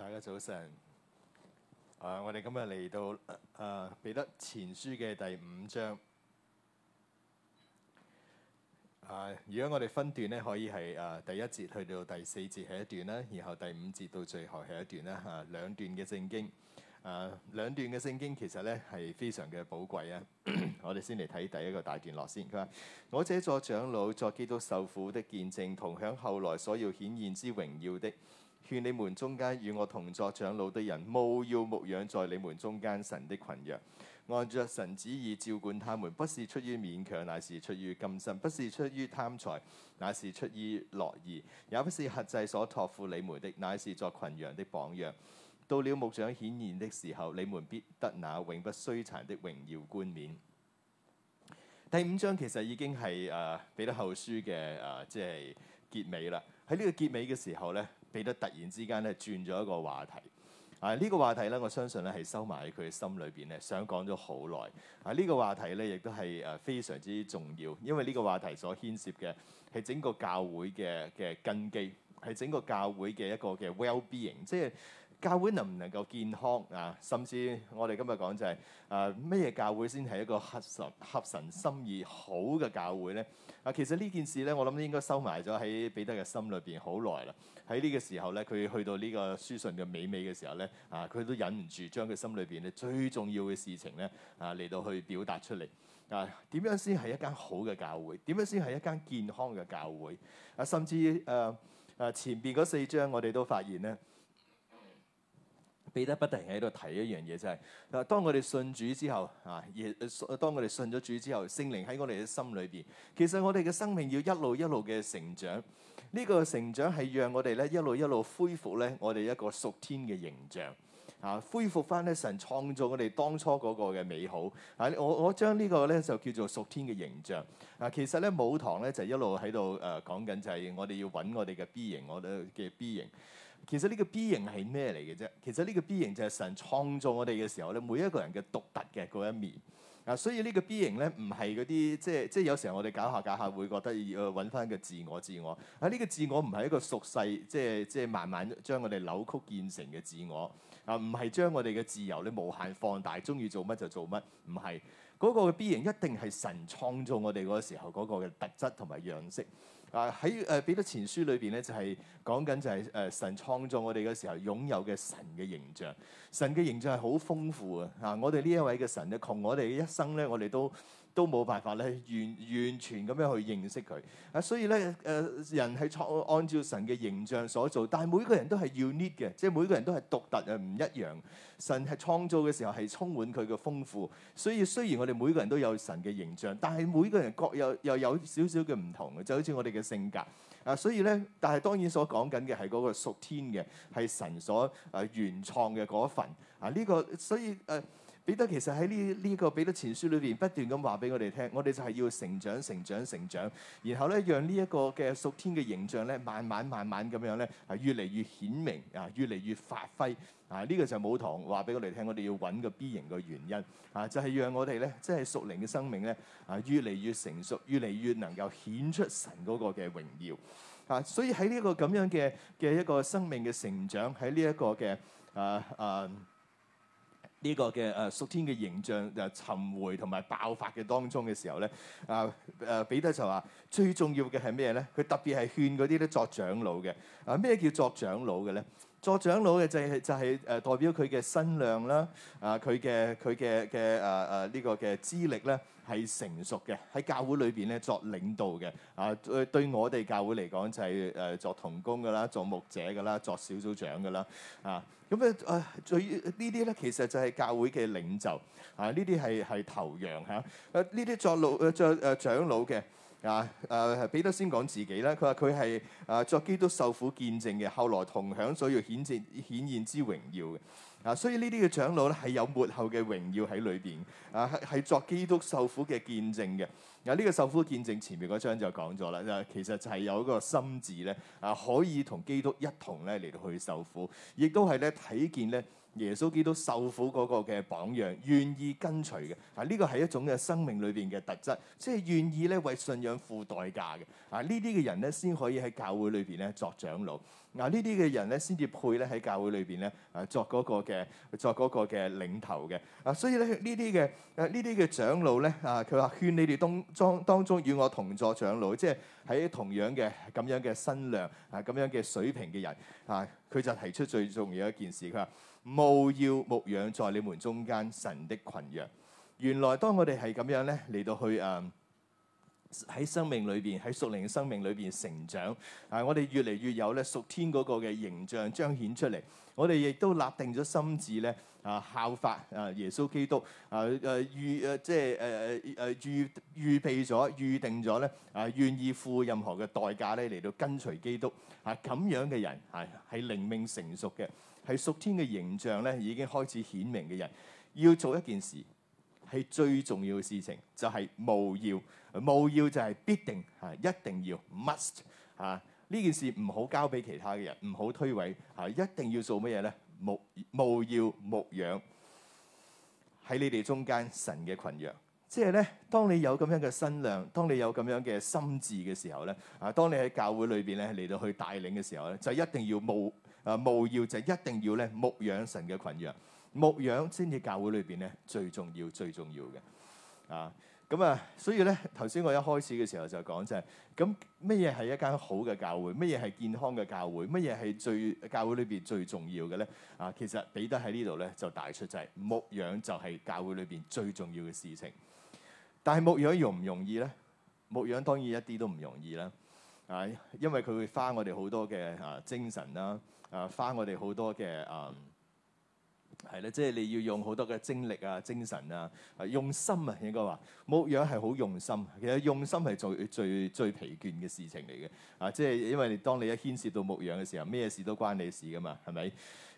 大家早晨啊！我哋今日嚟到啊彼得前書嘅第五章啊。如果我哋分段咧，可以係啊第一節去到第四節係一段啦，然後第五節到最後係一段啦。吓兩段嘅聖經啊，兩段嘅聖、啊、聖經其實咧係非常嘅寶貴啊。 我哋先嚟睇第一個大段落先。佢話 我這作長老、作基督受苦的見證，同享後來所要顯現之榮耀的。勸你們中間與我同作長老的人，務要牧養在你們中間神的群羊，按着神旨意照管他們，不是出於勉強，乃是出於甘心；不是出於貪財，乃是出於樂意，也不是轄制所託付你們的，乃是作群羊的榜樣。到了牧長顯現的時候，你們必得那永不衰殘的榮耀冠冕。第五章其實已經係誒，彼、呃、得後書嘅誒、呃，即係結尾啦。喺呢個結尾嘅時候咧。彼得突然之間咧轉咗一個話題，啊呢個話題咧我相信咧係收埋喺佢嘅心裏邊咧想講咗好耐，啊呢個話題咧亦都係誒非常之重要，因為呢個話題所牽涉嘅係整個教會嘅嘅根基，係整個教會嘅一個嘅 well being，即係。教會能唔能夠健康啊？甚至我哋今日講就係誒咩嘢教會先係一個合神合神心意好嘅教會咧？啊，其實呢件事咧，我諗應該收埋咗喺彼得嘅心裏邊好耐啦。喺呢個時候咧，佢去到呢個書信嘅尾尾嘅時候咧，啊，佢都忍唔住將佢心裏邊咧最重要嘅事情咧，啊嚟到去表達出嚟。啊，點樣先係一間好嘅教會？點樣先係一間健康嘅教會？啊，甚至誒誒、啊、前邊嗰四章我哋都發現咧。彼得不停喺度提一樣嘢，就係，當我哋信主之後，啊，當我哋信咗主之後，聖靈喺我哋嘅心裏邊，其實我哋嘅生命要一路一路嘅成長。呢個成長係讓我哋咧一路一路恢復咧我哋一個屬天嘅形象，啊，恢復翻咧神創造我哋當初嗰個嘅美好。啊，我我將呢個咧就叫做屬天嘅形象。啊，其實咧舞堂咧就一路喺度誒講緊就係我哋要揾我哋嘅 B 型，我哋嘅 B 型，其實呢個 B 型係咩嚟嘅啫？其實呢個 B 型就係神創造我哋嘅時候咧，每一個人嘅獨特嘅嗰一面啊。所以呢個 B 型咧，唔係嗰啲即係即係有時候我哋搞下搞下會覺得要揾翻個自我，自我啊呢、呢個自我唔係一個俗世，即係即係慢慢將我哋扭曲建成嘅自我啊，唔係將我哋嘅自由咧無限放大，中意做乜就做乜，唔係嗰個 B 型一定係神創造我哋嗰時候嗰個嘅特質同埋樣式。啊！喺誒彼得前書裏邊咧，就係講緊就係誒神創造我哋嘅時候擁有嘅神嘅形象。神嘅形象係好豐富嘅。啊！我哋呢一位嘅神咧，窮我哋嘅一生咧，我哋都～都冇辦法咧，完完全咁樣去認識佢啊！所以咧，誒、呃、人係創按照神嘅形象所做，但係每個人都係 unique 嘅，即係每個人都係獨特誒唔一樣。神係創造嘅時候係充滿佢嘅豐富，所以雖然我哋每個人都有神嘅形象，但係每個人各有又有少少嘅唔同嘅，就好似我哋嘅性格啊！所以咧，但係當然所講緊嘅係嗰個屬天嘅，係神所誒原、呃、創嘅嗰一份啊！呢、這個所以誒。呃彼得其實喺呢呢個彼得前書裏邊不斷咁話俾我哋聽，我哋就係要成長、成長、成長，然後咧讓呢一個嘅屬天嘅形象咧，慢慢、慢慢咁樣咧，係越嚟越顯明啊，這個啊，就是，啊，越嚟越發揮啊。呢個就係武堂話俾我哋聽，我哋要揾個 B 型嘅原因啊，就係讓我哋咧，即係屬靈嘅生命咧啊，越嚟越成熟，越嚟越能夠顯出神嗰個嘅榮耀啊。所以喺呢一個咁樣嘅嘅一個生命嘅成長，喺呢一個嘅啊啊。啊呢個嘅誒屬天嘅形象就尋、呃、回同埋爆發嘅當中嘅時候咧，啊誒、啊、彼得就話最重要嘅係咩咧？佢特別係勸嗰啲咧作長老嘅。啊咩叫作長老嘅咧？作長老嘅就係、是、就係、是、誒代表佢嘅身量啦，啊佢嘅佢嘅嘅誒誒呢個嘅資歷咧。係成熟嘅，喺教會裏邊咧作領導嘅。啊，對對，我哋教會嚟講就係、是、誒、呃、作同工㗎啦，作牧者㗎啦，作小組長㗎啦。啊，咁咧，誒對呢啲咧，其實就係教會嘅領袖啊，呢啲係係頭羊嚇，誒呢啲作老誒，作誒、啊、長老嘅。啊誒、啊、彼得先講自己啦，佢話佢係誒作基督受苦見證嘅，後來同享所要顯現顯現之榮耀嘅。啊，所以呢啲嘅長老咧係有末後嘅榮耀喺裏邊，啊係係作基督受苦嘅見證嘅。啊，呢、這個受苦見證前面嗰章就講咗啦，就、啊、其實就係有一個心志咧，啊可以同基督一同咧嚟到去受苦，亦都係咧睇見咧。耶穌基督受苦嗰個嘅榜樣，願意跟隨嘅。嗱、啊，呢個係一種嘅生命裏邊嘅特質，即係願意咧為信仰付代價嘅。嗱、啊，呢啲嘅人咧先可以喺教會裏邊咧作長老。嗱、啊，呢啲嘅人咧先至配咧喺教會裏邊咧誒作嗰個嘅作嗰個嘅領頭嘅。啊，所以咧呢啲嘅誒呢啲嘅長老咧啊，佢話勸你哋當當當中與我同作長老，即係喺同樣嘅咁樣嘅身量啊，咁樣嘅水平嘅人啊，佢就提出最重要一件事，佢話，務要牧養在你們中間，神的群羊。原來當我哋係咁樣咧，嚟到去啊喺生命裏邊，喺屬靈嘅生命裏邊成長啊，我哋越嚟越有咧屬天嗰個嘅形象彰顯出嚟。我哋亦都立定咗心志咧啊，效法啊耶穌基督啊誒預誒即係誒誒誒預預備咗預定咗咧啊，願意付任何嘅代價咧嚟到跟隨基督啊咁樣嘅人係係靈命成熟嘅。係屬天嘅形象咧，已經開始顯明嘅人，要做一件事，係最重要嘅事情，就係牧養。牧養就係必定啊，一定要 must 啊，呢件事唔好交俾其他嘅人，唔好推諉，啊，一定要做乜嘢咧？牧牧養牧養喺你哋中間，神嘅群羊。即係咧，當你有咁樣嘅身量，當你有咁樣嘅心智嘅時候咧，啊，當你喺教會裏邊咧嚟到去帶領嘅時候咧，就一定要牧。啊！牧養就是、一定要咧，牧養神嘅群羊，牧養先至教會裏邊咧最重要、最重要嘅啊！咁啊，所以咧頭先我一開始嘅時候就講就係咁乜嘢係一間好嘅教會，乜嘢係健康嘅教會，乜嘢係最教會裏邊最重要嘅咧？啊，其實彼得喺呢度咧就大出就係、是、牧養就係教會裏邊最重要嘅事情，但係牧養容唔容易咧？牧養當然一啲都唔容易啦，啊，因為佢會花我哋好多嘅啊精神啦、啊。啊，花我哋好多嘅啊，係、嗯、咧，即係你要用好多嘅精力啊、精神啊、用心啊，應該話牧養係好用心。其實用心係最最最疲倦嘅事情嚟嘅。啊，即係因為你當你一牽涉到牧養嘅時候，咩事都關你的事噶嘛，係咪？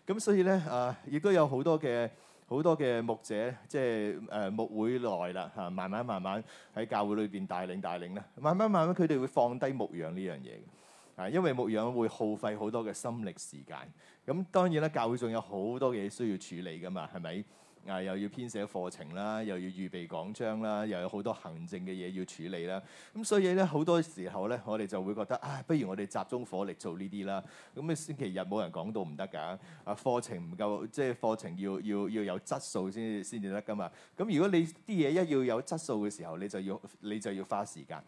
咁所以咧，啊，亦都有好多嘅好多嘅牧者，即係誒牧會內啦，嚇慢慢慢慢喺教會裏邊帶領帶領咧，慢慢慢慢佢哋會，會放低牧養呢樣嘢。啊，因為牧養會耗費好多嘅心力時間，咁當然啦，教會仲有好多嘢需要處理㗎嘛，係咪？啊，又要編寫課程啦，又要預備講章啦，又有好多行政嘅嘢要處理啦。咁所以咧，好多時候咧，我哋就會覺得啊，不如我哋集中火力做呢啲啦。咁啊，星期日冇人講到唔得㗎。啊，課程唔夠，即係課程要要要有質素先先至得㗎嘛。咁如果你啲嘢一要有質素嘅時候，你就要你就要花時間。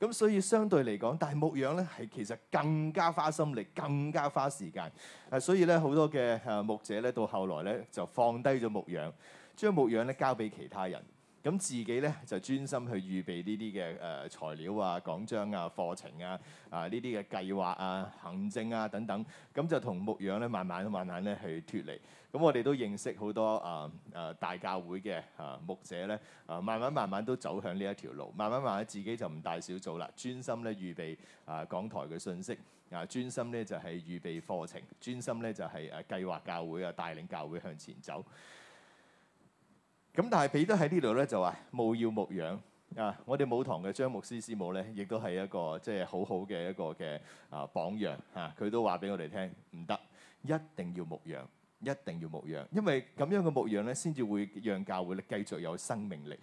咁所以相對嚟講，但係牧養咧係其實更加花心力，更加花時間。啊，所以咧，好多嘅誒牧者咧，到後來咧就放低咗牧養，將牧養咧交俾其他人，咁自己咧就專心去預備呢啲嘅誒材料啊、講章啊、課程啊、啊呢啲嘅計劃啊、行政啊等等，咁就同牧養咧慢慢慢慢咧去脱離。咁我哋都認識好多啊啊、uh, uh, 大教會嘅啊牧者咧啊，慢慢慢慢都走向呢一條路，慢慢慢慢自己就唔帶小組啦，專心咧預備啊講、uh, 台嘅信息啊，專心咧就係、是、預備課程，專心咧就係、是、誒、uh, 計劃教會啊，帶領教會向前走。咁但係彼得喺呢度咧就話務要牧養」。啊。我哋舞堂嘅張牧師師母咧，亦都係一個即係、就是、好好嘅一個嘅啊榜樣啊。佢、uh, 都話俾我哋聽唔得，一定要牧養。」一定要牧養，因為咁樣嘅牧養咧，先至會讓教會咧繼續有生命力。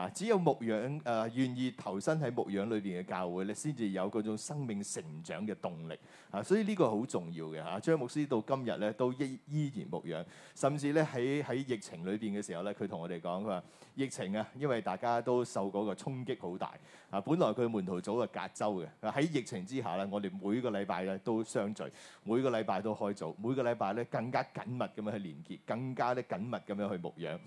啊！只有牧養誒、呃、願意投身喺牧養裏邊嘅教會咧，先至有嗰種生命成長嘅動力啊！所以呢個好重要嘅嚇、啊。張牧師到今日咧都依依然牧養，甚至咧喺喺疫情裏邊嘅時候咧，佢同我哋講，佢話疫情啊，因為大家都受嗰個衝擊好大啊。本來佢門徒組啊隔週嘅，喺疫情之下咧，我哋每個禮拜咧都相聚，每個禮拜都開組，每個禮拜咧更加緊密咁樣去連結，更加咧緊密咁樣去牧養。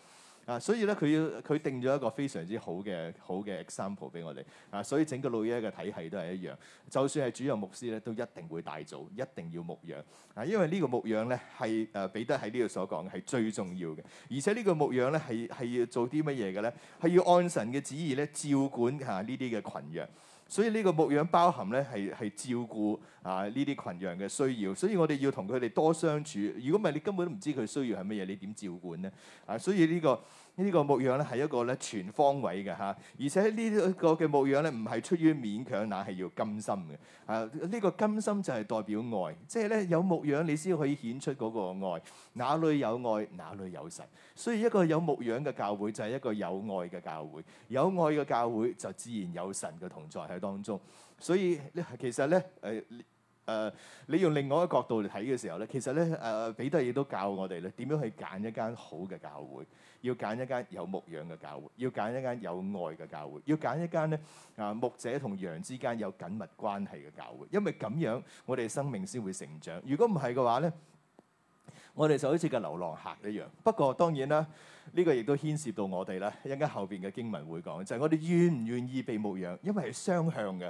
啊，所以咧佢要佢定咗一個非常之好嘅好嘅 example 俾我哋。啊，所以整個老約嘅體系都係一樣。就算係主任牧師咧，都一定會帶組，一定要牧養。啊，因為呢個牧養咧係誒彼得喺呢度、啊、所講嘅係最重要嘅。而且呢個牧養咧係係要做啲乜嘢嘅咧？係要按神嘅旨意咧照管吓呢啲嘅群羊。所以呢個牧養包含咧係係照顧啊呢啲群羊嘅需要，所以我哋要同佢哋多相處。如果唔係，你根本都唔知佢需要係乜嘢，你點照管咧？啊，所以呢個。呢個牧養咧係一個咧全方位嘅嚇，而且呢個嘅牧養咧唔係出於勉強，那係要甘心嘅啊。呢個甘心就係代表愛，即係咧有牧養你先可以顯出嗰個愛。哪裏有愛，哪裏有神。所以一個有牧養嘅教會就係一個有愛嘅教會，有愛嘅教會就自然有神嘅同在喺當中。所以其實咧誒誒，你用另外一個角度嚟睇嘅時候咧，其實咧誒彼得亦都教我哋咧點樣去揀一間好嘅教會。要揀一間有牧養嘅教會，要揀一間有愛嘅教會，要揀一間咧啊牧者同羊之間有緊密關係嘅教會，因為咁樣我哋生命先會成長。如果唔係嘅話咧，我哋就好似個流浪客一樣。不過當然啦，呢個亦都牽涉到我哋啦，一陣間後邊嘅經文會講，就係我哋願唔願意被牧養，因為係雙向嘅，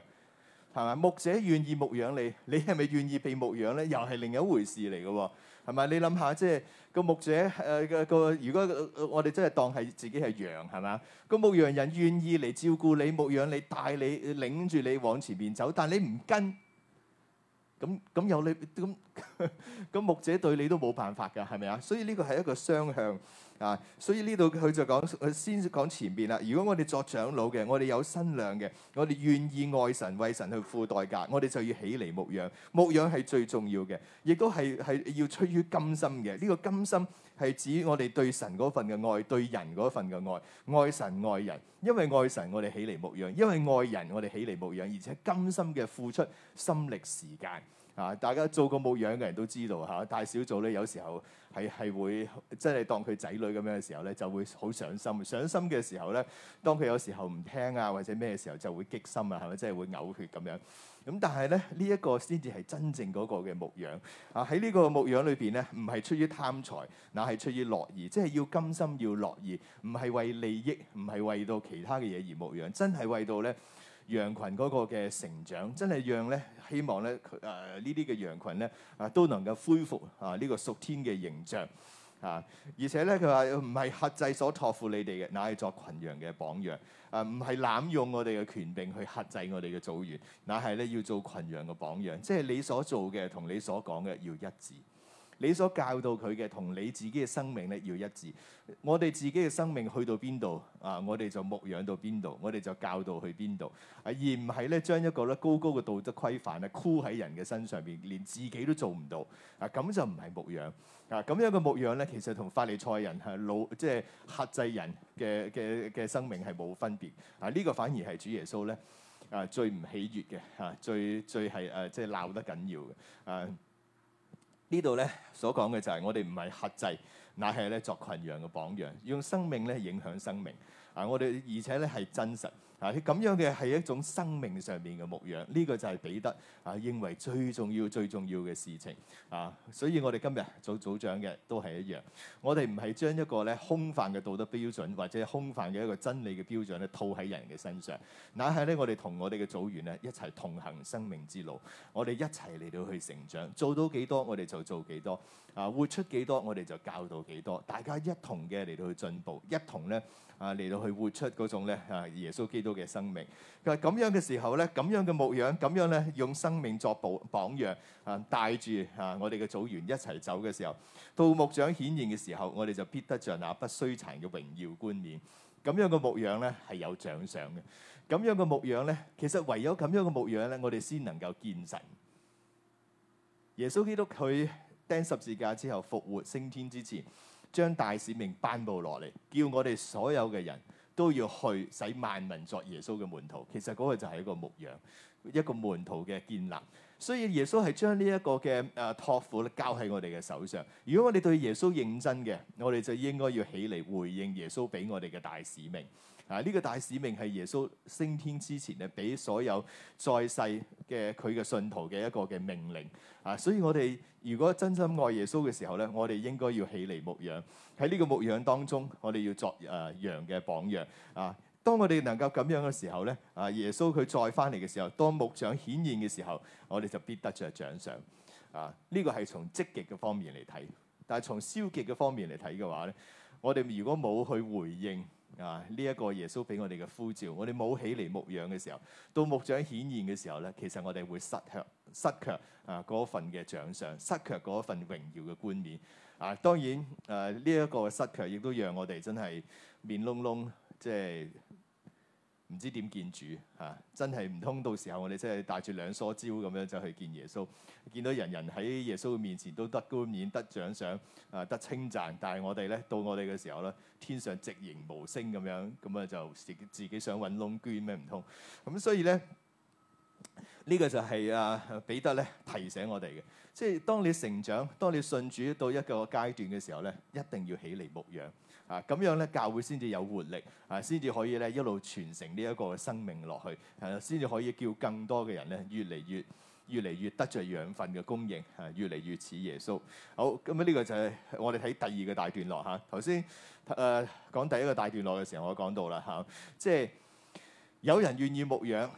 係嘛？牧者願意牧養你，你係咪願意被牧養咧？又係另一回事嚟嘅喎。係咪？你諗下，即係個牧者誒嘅個，如果我哋真係當係自己係羊，係咪啊？個牧羊人願意嚟照顧你，牧養你，帶你，領住你往前面走，但係你唔跟，咁咁有你，咁咁個牧者對你都冇辦法㗎，係咪啊？所以呢個係一個雙向。啊！所以呢度佢就講，佢先講前邊啦。如果我哋作長老嘅，我哋有身量嘅，我哋願意愛神為神去付代價，我哋就要起嚟牧養。牧養係最重要嘅，亦都係係要出於甘心嘅。呢個甘心係指我哋對神嗰份嘅愛，對人嗰份嘅愛，愛神愛人。因為愛神，我哋起嚟牧養；因為愛人，我哋起嚟牧養，而且甘心嘅付出心力時間。啊！大家做過牧養嘅人都知道嚇、啊，大小組咧有時候係係會即係當佢仔女咁樣嘅時候咧，就會好上心。上心嘅時候咧，當佢有時候唔聽啊或者咩時候就會激心啊，係咪即係會嘔血咁樣？咁但係咧呢一、呢個先至係真正嗰個嘅牧養。啊，喺呢個牧養裏邊咧，唔係出於貪財，嗱係出於樂意，即、就、係、是、要甘心要樂意，唔係為利益，唔係為到其他嘅嘢而牧養，真係為到咧。羊群嗰個嘅成長，真係讓咧希望咧誒呢啲嘅、呃、羊群咧啊都能夠恢復啊呢個屬天嘅形象啊！而且咧佢話唔係轄制所託付你哋嘅，乃係作群羊嘅榜樣啊！唔係濫用我哋嘅權柄去轄制我哋嘅組員，乃係咧要做群羊嘅榜樣，即係你所做嘅同你所講嘅要一致。你所教導佢嘅同你自己嘅生命咧要一致。我哋自己嘅生命去到邊度啊，我哋就牧養到邊度，我哋就教導去邊度。而唔係咧將一個咧高高嘅道德規範咧箍喺人嘅身上邊，連自己都做唔到啊，咁就唔係牧養啊。咁樣嘅牧養咧，其實同法利賽人係、啊、老即係克制人嘅嘅嘅生命係冇分別啊。呢、這個反而係主耶穌咧啊最唔喜悅嘅嚇，最最係誒即係鬧得緊要嘅啊。呢度咧所講嘅就係我哋唔係轄制，乃係咧作群羊嘅榜樣，用生命咧影響生命。啊，我哋而且咧係真實。嗱，咁、啊、樣嘅係一種生命上面嘅牧養，呢、這個就係彼得啊認為最重要、最重要嘅事情啊。所以我哋今日做組，組長嘅都係一樣，我哋唔係將一個咧空泛嘅道德標準或者空泛嘅一個真理嘅標準咧套喺人嘅身上，乃係咧我哋同我哋嘅組員咧一齊同行生命之路，我哋一齊嚟到去成長，做到幾多我哋就做幾多啊，活出幾多我哋就教到幾多，大家一同嘅嚟到去進步，一同咧。啊，嚟到去活出嗰種咧啊，耶穌基督嘅生命。佢話咁樣嘅時候咧，咁樣嘅牧養，咁樣咧用生命作榜榜樣啊，帶住啊我哋嘅組員一齊走嘅時候，到牧長顯現嘅時候，我哋就必得著那不衰殘嘅榮耀冠冕。咁樣嘅牧養咧係有獎賞嘅。咁樣嘅牧養咧，其實唯有咁樣嘅牧養咧，我哋先能夠見神。耶穌基督佢釘十字架之後復活升天之前，將大使命頒布落嚟，叫我哋所有嘅人都要去使萬民作耶穌嘅門徒。其實嗰個就係一個牧養，一個門徒嘅建立。所以耶穌係將呢一個嘅誒、啊、託付咧交喺我哋嘅手上。如果我哋對耶穌認真嘅，我哋就應該要起嚟回應耶穌俾我哋嘅大使命。啊！呢個大使命係耶穌升天之前咧，俾所有在世嘅佢嘅信徒嘅一個嘅命令啊。所以我哋如果真心愛耶穌嘅時候咧，我哋應該要起嚟牧養。喺呢個牧養當中，我哋要作誒羊嘅榜樣啊。當我哋能夠咁樣嘅時候咧，啊耶穌佢再翻嚟嘅時候，當牧長顯現嘅時候，我哋就必得着獎賞啊。呢個係從積極嘅方面嚟睇，但係從消極嘅方面嚟睇嘅話咧，我哋如果冇去回應。啊！呢、這、一個耶穌俾我哋嘅呼召，我哋冇起嚟牧養嘅時候，到牧長顯現嘅時候咧，其實我哋會失卻失卻啊！嗰份嘅獎賞，失卻嗰份榮耀嘅冠冕啊！當然誒，呢、啊、一、這個失卻，亦都讓我哋真係面燶燶，即、就、係、是。唔知點見主嚇，啊，真係唔通到時候我哋真係帶住兩梳蕉咁樣走去見耶穌，見到人人喺耶穌面前都得冠冕、得獎賞、啊得稱讚，但係我哋咧到我哋嘅時候咧，天上寂然無聲咁樣，咁啊就自己想揾窿捐咩唔通？咁所以咧呢、這個就係啊彼得咧提醒我哋嘅，即係當你成長、當你信主到一個階段嘅時候咧，一定要起嚟牧養。啊，咁樣咧，教會先至有活力，啊，先至可以咧一路傳承呢一個生命落去，啊，先至可以叫更多嘅人咧越嚟越、越嚟越得著養分嘅供應，啊，越嚟越似耶穌。好，咁、嗯、啊，呢、這個就係我哋睇第二個大段落嚇。頭先誒講第一個大段落嘅時候，我講，我講到啦嚇，即係有人願意牧養，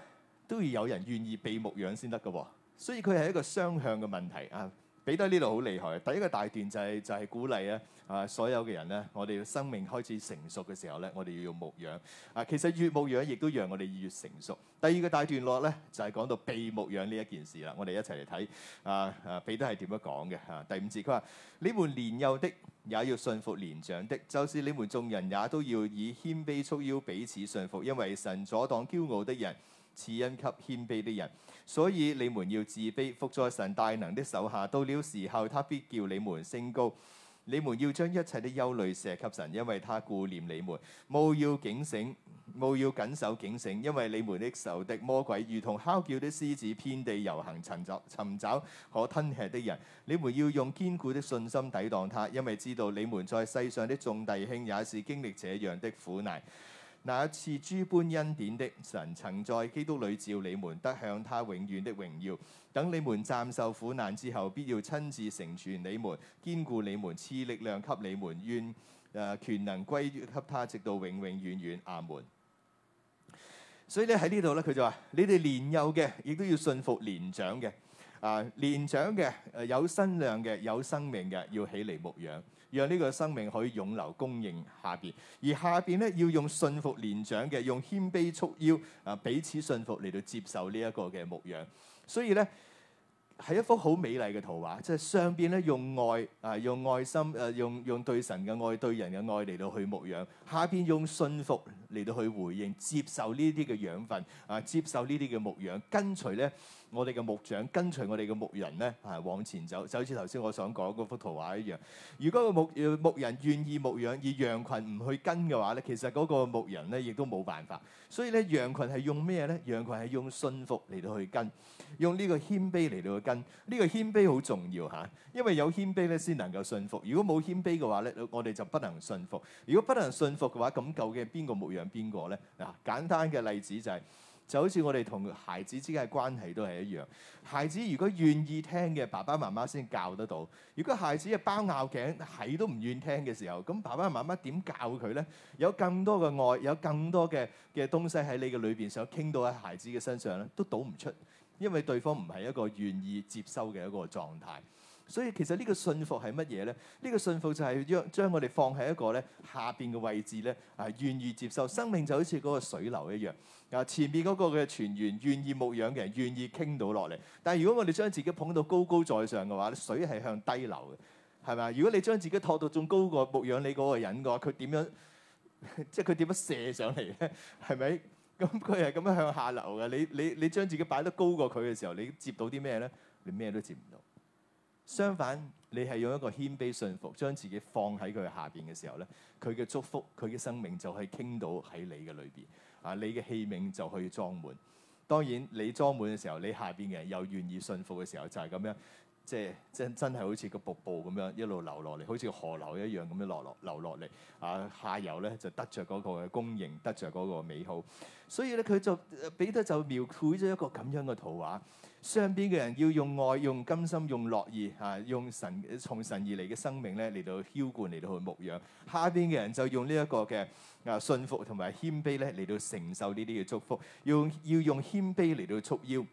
都要有人願意被牧養先得嘅喎。所以佢係一個雙向嘅問題啊。彼得呢度好厲害，第一個大段就係就係鼓勵啊、啊所有嘅人咧，我哋嘅生命開始成熟嘅時候咧，我哋要用牧養啊。其實越牧養，亦都讓我哋越成熟。第二個大段落咧，就係講到被牧養呢一件事啦。我哋一齊嚟睇啊、啊彼得係點樣講嘅嚇？第五節佢話：你們年幼的也要順服年長的，就是你們眾人也都要以謙卑束腰彼此順服，因為神阻擋驕傲的人，賜恩給謙卑的人。所以你們要自卑，服在神大能的手下。到了時候，他必叫你們升高。你們要將一切的憂慮卸給神，因為他顧念你們。務要警醒，務要謹守警醒，因為你們的仇敵魔鬼如同哮叫的獅子，遍地遊行尋找尋找可吞吃的人。你們要用堅固的信心抵擋他，因為知道你們在世上的眾弟兄也是經歷這樣的苦難。那一次諸般恩典的神，曾在基督裏召你們得向他永遠的榮耀。等你們暫受苦難之後，必要親自成全你們，堅固你們，賜力量給你們。願誒、呃、權能歸於給他，直到永永遠遠。阿門。所以咧喺呢度咧，佢就話：你哋年幼嘅，亦都要信服年長嘅。啊、呃，年長嘅有身量嘅，有生命嘅，要起嚟牧養。讓呢個生命可以永留供應下邊，而下邊咧要用信服年長嘅，用謙卑束腰啊，彼此信服嚟到接受呢一個嘅牧養。所以咧係一幅好美麗嘅圖畫，即係上邊咧用愛啊，用愛心誒、啊，用用對神嘅愛、對人嘅愛嚟到去牧養，下邊用信服嚟到去回應、接受呢啲嘅養分啊，接受呢啲嘅牧養，跟隨咧。我哋嘅牧長跟隨我哋嘅牧人咧，啊往前走，就好似頭先我想講嗰幅圖畫一樣。如果個牧牧人願意牧養，而羊群唔去跟嘅話咧，其實嗰個牧人咧亦都冇辦法。所以咧，羊群係用咩咧？羊群係用信服嚟到去跟，用呢個謙卑嚟到去跟。呢個謙卑好重要嚇，因為有謙卑咧先能夠信服。如果冇謙卑嘅話咧，我哋就不能信服。如果不能信服嘅話，咁究竟邊個牧養邊個咧？嗱，簡單嘅例子就係。就好似我哋同孩子之間嘅關係都係一樣，孩子如果願意聽嘅，爸爸媽媽先教得到；如果孩子嘅包拗頸，係都唔願意聽嘅時候，咁爸爸媽媽點教佢呢？有更多嘅愛，有更多嘅嘅東西喺你嘅裏邊，想傾到喺孩子嘅身上咧，都倒唔出，因為對方唔係一個願意接收嘅一個狀態。所以其實呢個信服係乜嘢咧？呢個信服就係將將我哋放喺一個咧下邊嘅位置咧啊，願意接受生命就好似嗰個水流一樣啊。前面嗰個嘅傳員願意牧養嘅人願意傾到落嚟，但係如果我哋將自己捧到高高在上嘅話，水係向低流嘅，係咪？如果你將自己托到仲高過牧養你嗰個人嘅話，佢點樣即係佢點樣射上嚟咧？係咪？咁佢係咁樣向下流嘅。你你你將自己擺得高過佢嘅時候，你接到啲咩咧？你咩都接唔到。相反，你係用一個謙卑信服，將自己放喺佢下邊嘅時候咧，佢嘅祝福、佢嘅生命就可以傾到喺你嘅裏邊。啊，你嘅器皿就可以裝滿。當然，你裝滿嘅時候，你下邊嘅人又願意信服嘅時候，就係咁樣，即係真真係好似個瀑布咁樣一路流落嚟，好似河流一樣咁樣落落流落嚟。啊，下游咧就得着嗰個供應，得着嗰個美好。所以咧，佢就彼得就描繪咗一個咁樣嘅圖畫。上邊嘅人要用愛、用甘心、用樂意嚇、啊、用神從神而嚟嘅生命咧嚟到照管、嚟到去牧養，下邊嘅人就用呢一個嘅啊信服同埋謙卑咧嚟到承受呢啲嘅祝福，要要用謙卑嚟到束腰，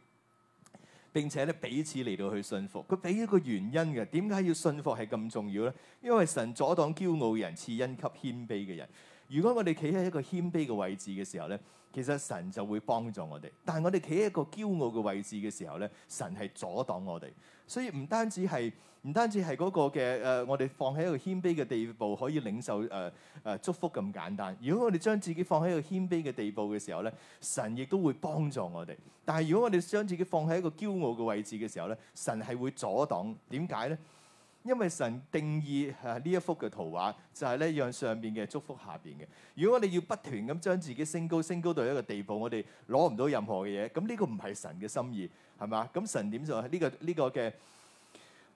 並且咧彼此嚟到去信服。佢俾一個原因嘅，點解要信服係咁重要咧？因為神阻擋驕傲人，賜恩給謙卑嘅人。如果我哋企喺一個謙卑嘅位置嘅時候咧。其實神就會幫助我哋，但係我哋企喺一個驕傲嘅位置嘅時候咧，神係阻擋我哋。所以唔單止係唔單止係嗰個嘅誒、呃，我哋放喺一個謙卑嘅地步可以領受誒誒、呃呃、祝福咁簡單。如果我哋將自己放喺一個謙卑嘅地步嘅時候咧，神亦都會幫助我哋。但係如果我哋將自己放喺一個驕傲嘅位置嘅時候咧，神係會阻擋。點解咧？因為神定義係呢、啊、一幅嘅圖畫，就係咧讓上面嘅祝福下邊嘅。如果你要不斷咁將自己升高，升高到一個地步，我哋攞唔到任何嘅嘢，咁、嗯、呢、呢個唔係神嘅心意，係嘛？咁、嗯、神點做、呢個呢個、啊？呢個呢個嘅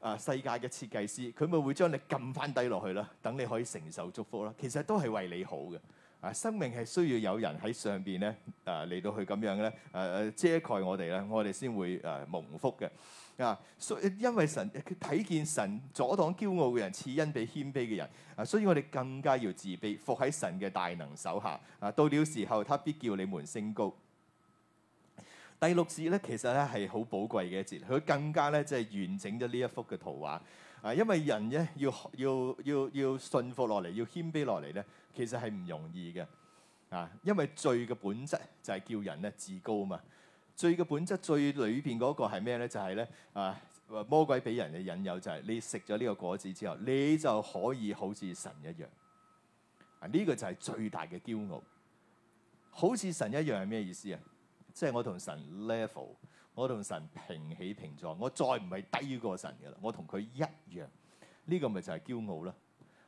啊世界嘅設計師，佢咪會將你撳翻低落去啦，等你可以承受祝福啦。其實都係為你好嘅。生命係需要有人喺上邊咧，啊嚟到去咁樣咧，誒、啊、誒、啊、遮蓋我哋咧、啊，我哋先會誒、啊、蒙福嘅。啊，所以因為神睇見神阻擋驕傲嘅人，賜恩俾謙卑嘅人，啊，所以我哋更加要自卑，服喺神嘅大能手下。啊，到了時候，他必叫你們升高。第六節咧，其實咧係好寶貴嘅一節，佢更加咧即係完整咗呢一幅嘅圖畫。啊，因為人咧要要要要，要順服落嚟，要謙卑落嚟咧。其實係唔容易嘅，啊，因為罪嘅本質就係叫人咧自高嘛。罪嘅本質最裏邊嗰個係咩咧？就係咧啊，魔鬼俾人嘅引誘就係你食咗呢個果子之後，你就可以好似神一樣。啊，呢個就係最大嘅驕傲。好似神一樣係咩意思啊？即係我同神 level，我同神平起平坐，我再唔係低過神嘅啦，我同佢一樣。呢個咪就係驕傲咯。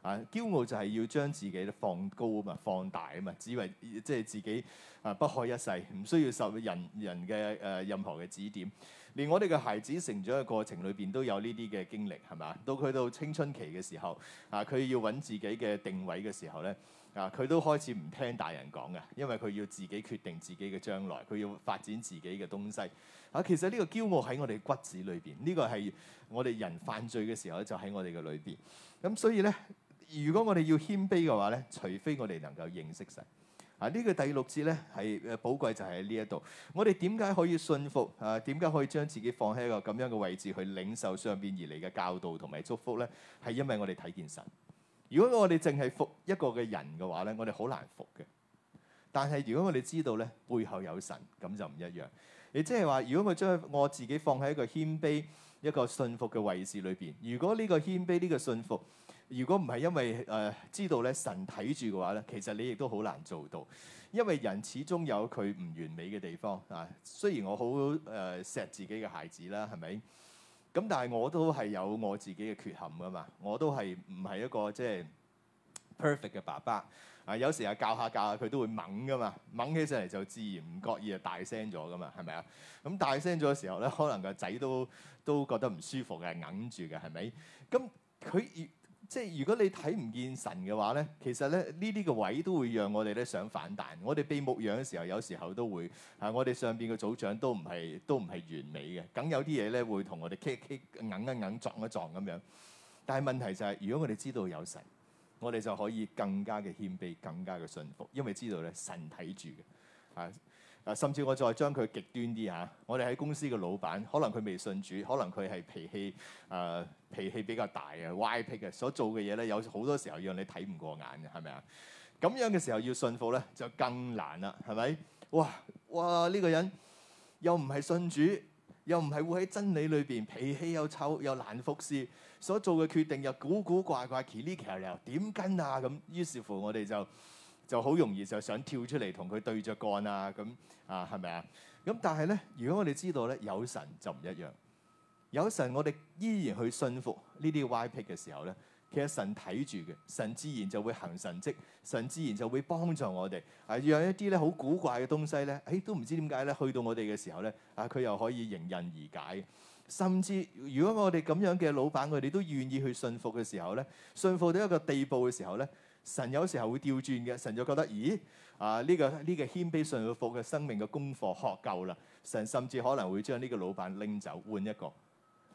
啊！驕傲就係要將自己咧放高啊嘛，放大啊嘛，以為即係自己啊不可一世，唔需要受人人嘅誒、呃、任何嘅指點。連我哋嘅孩子成長嘅過程裏邊都有呢啲嘅經歷，係咪？到佢到青春期嘅時候，啊，佢要揾自己嘅定位嘅時候咧，啊，佢都開始唔聽大人講嘅，因為佢要自己決定自己嘅將來，佢要發展自己嘅東西。啊，其實呢個驕傲喺我哋骨子裏邊，呢、這個係我哋人犯罪嘅時候就喺我哋嘅裏邊。咁所以咧。如果我哋要謙卑嘅話咧，除非我哋能夠認識神。啊！呢個第六節咧係誒寶貴，就係喺呢一度。我哋點解可以信服啊？點解可以將自己放喺一個咁樣嘅位置去領受上邊而嚟嘅教導同埋祝福咧？係因為我哋睇見神。如果我哋淨係服一個嘅人嘅話咧，我哋好難服嘅。但係如果我哋知道咧，背後有神，咁就唔一樣。亦即係話，如果我將我自己放喺一個謙卑、一個信服嘅位置裏邊，如果呢個謙卑、呢個信服，如果唔係因為誒、呃、知道咧，神睇住嘅話咧，其實你亦都好難做到，因為人始終有佢唔完美嘅地方啊。雖然我好誒錫自己嘅孩子啦，係咪？咁但係我都係有我自己嘅缺陷噶嘛，我都係唔係一個即係 perfect 嘅爸爸啊。有時候教下教下佢都會掹噶嘛，掹起上嚟就自然唔覺意啊大聲咗噶嘛，係咪啊？咁大聲咗嘅時候咧，可能個仔都都覺得唔舒服嘅，硬住嘅，係咪？咁佢即係如果你睇唔見神嘅話咧，其實咧呢啲嘅位都會讓我哋咧想反彈。我哋被牧養嘅時候，有時候都會啊，我哋上邊嘅組長都唔係都唔係完美嘅，梗有啲嘢咧會同我哋磕磕硬一硬撞一撞咁樣。但係問題就係，如果我哋知道有神，我哋就可以更加嘅謙卑，更加嘅信服，因為知道咧神睇住嘅啊。甚至我再將佢極端啲嚇、啊，我哋喺公司嘅老闆，可能佢未信主，可能佢係脾氣，誒、呃、脾氣比較大嘅，歪僻嘅，所做嘅嘢咧有好多時候讓你睇唔過眼嘅，係咪啊？咁樣嘅時候要信服咧就更難啦，係咪？哇哇呢、這個人又唔係信主，又唔係會喺真理裏邊，脾氣又臭又難服侍，所做嘅決定又古古怪怪，奇哩奇又點跟啊咁？於是乎我哋就。就好容易就想跳出嚟同佢對着幹啊咁啊係咪啊？咁但係咧，如果我哋知道咧有神就唔一樣，有神我哋依然去信服呢啲乖僻嘅時候咧，其實神睇住嘅，神自然就會行神蹟，神自然就會幫助我哋啊，讓一啲咧好古怪嘅東西咧，誒、哎、都唔知點解咧，去到我哋嘅時候咧啊，佢又可以迎刃而解。甚至如果我哋咁樣嘅老闆，佢哋都願意去信服嘅時候咧，信服到一個地步嘅時候咧。神有時候會掉轉嘅，神就覺得，咦啊呢、這個呢、這個謙卑順服嘅生命嘅功課學夠啦，神甚至可能會將呢個老闆拎走，換一個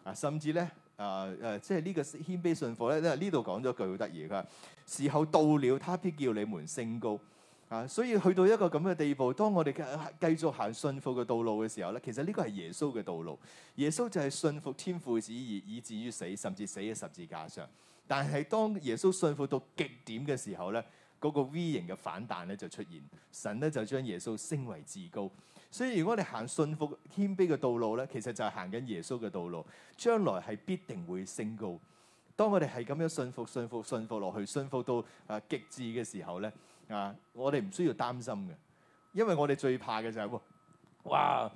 啊，甚至咧啊誒、啊，即係呢個謙卑順服咧，因為呢度講咗句好得意，佢話時候到了，他必叫你們升高啊，所以去到一個咁嘅地步，當我哋繼續行順服嘅道路嘅時候咧，其實呢個係耶穌嘅道路，耶穌就係順服天父旨意，以至於死，甚至死喺十字架上。但係當耶穌信服到極點嘅時候咧，嗰、嗰個 V 型嘅反彈咧就出現，神咧就將耶穌升為至高。所以如果我哋行信服謙卑嘅道路咧，其實就係行緊耶穌嘅道路，將來係必定會升高。當我哋係咁樣信服、信服、信服落去，信服到誒極致嘅時候咧啊，我哋唔需要擔心嘅，因為我哋最怕嘅就係，哇！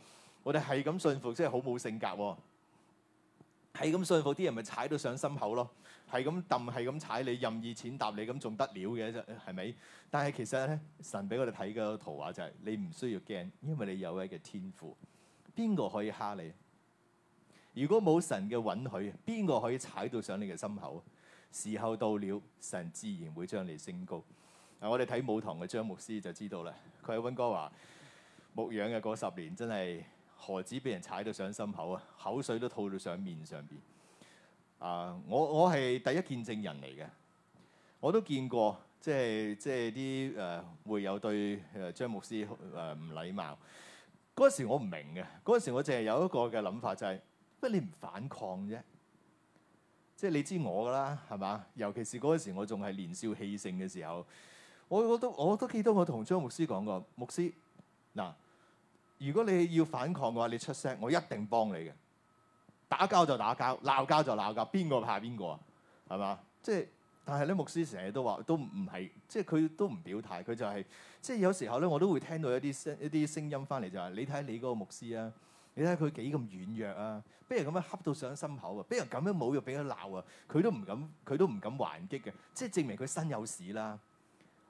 我哋係咁信服即係好冇性格，係咁信服啲人咪踩到上心口咯。係咁揼，係咁踩你，任意踐踏你，咁仲得了嘅啫？係咪？但係其實咧，神俾我哋睇嘅圖畫就係、是、你唔需要驚，因為你有位嘅天父，邊個可以蝦你？如果冇神嘅允許，邊個可以踩到上你嘅心口？時候到了，神自然會將你升高。嗱，我哋睇舞堂嘅張牧師就知道啦。佢係溫哥華牧養嘅嗰十年，真係何止俾人踩到上心口啊！口水都吐到上面上邊。啊、uh，我我係第一見證人嚟嘅，我都見過，即係即係啲誒會有對誒張牧師誒唔、uh, 禮貌。嗰時我唔明嘅，嗰時我淨係有一個嘅諗法、就係，就係乜你唔反抗啫？即係你知我噶啦，係嘛？尤其是嗰時我仲係年少氣盛嘅時候，我都我都我都記得我同張牧師講過，牧師嗱，如果你要反抗嘅話，你出聲，我一定幫你嘅。打交就打交，鬧交就鬧交，邊個怕邊個啊？係嘛？即係，但係咧，牧師成日都話都唔係，即係佢都唔表態，佢就係、是、即係有時候咧，我都會聽到一啲聲一啲聲音翻嚟就話、是：你睇下你嗰個牧師啊，你睇下佢幾咁軟弱啊，俾人咁樣恰到上心口啊，俾人咁樣侮辱，俾佢鬧啊，佢都唔敢佢都唔敢還擊嘅，即係證明佢身有屎啦、啊。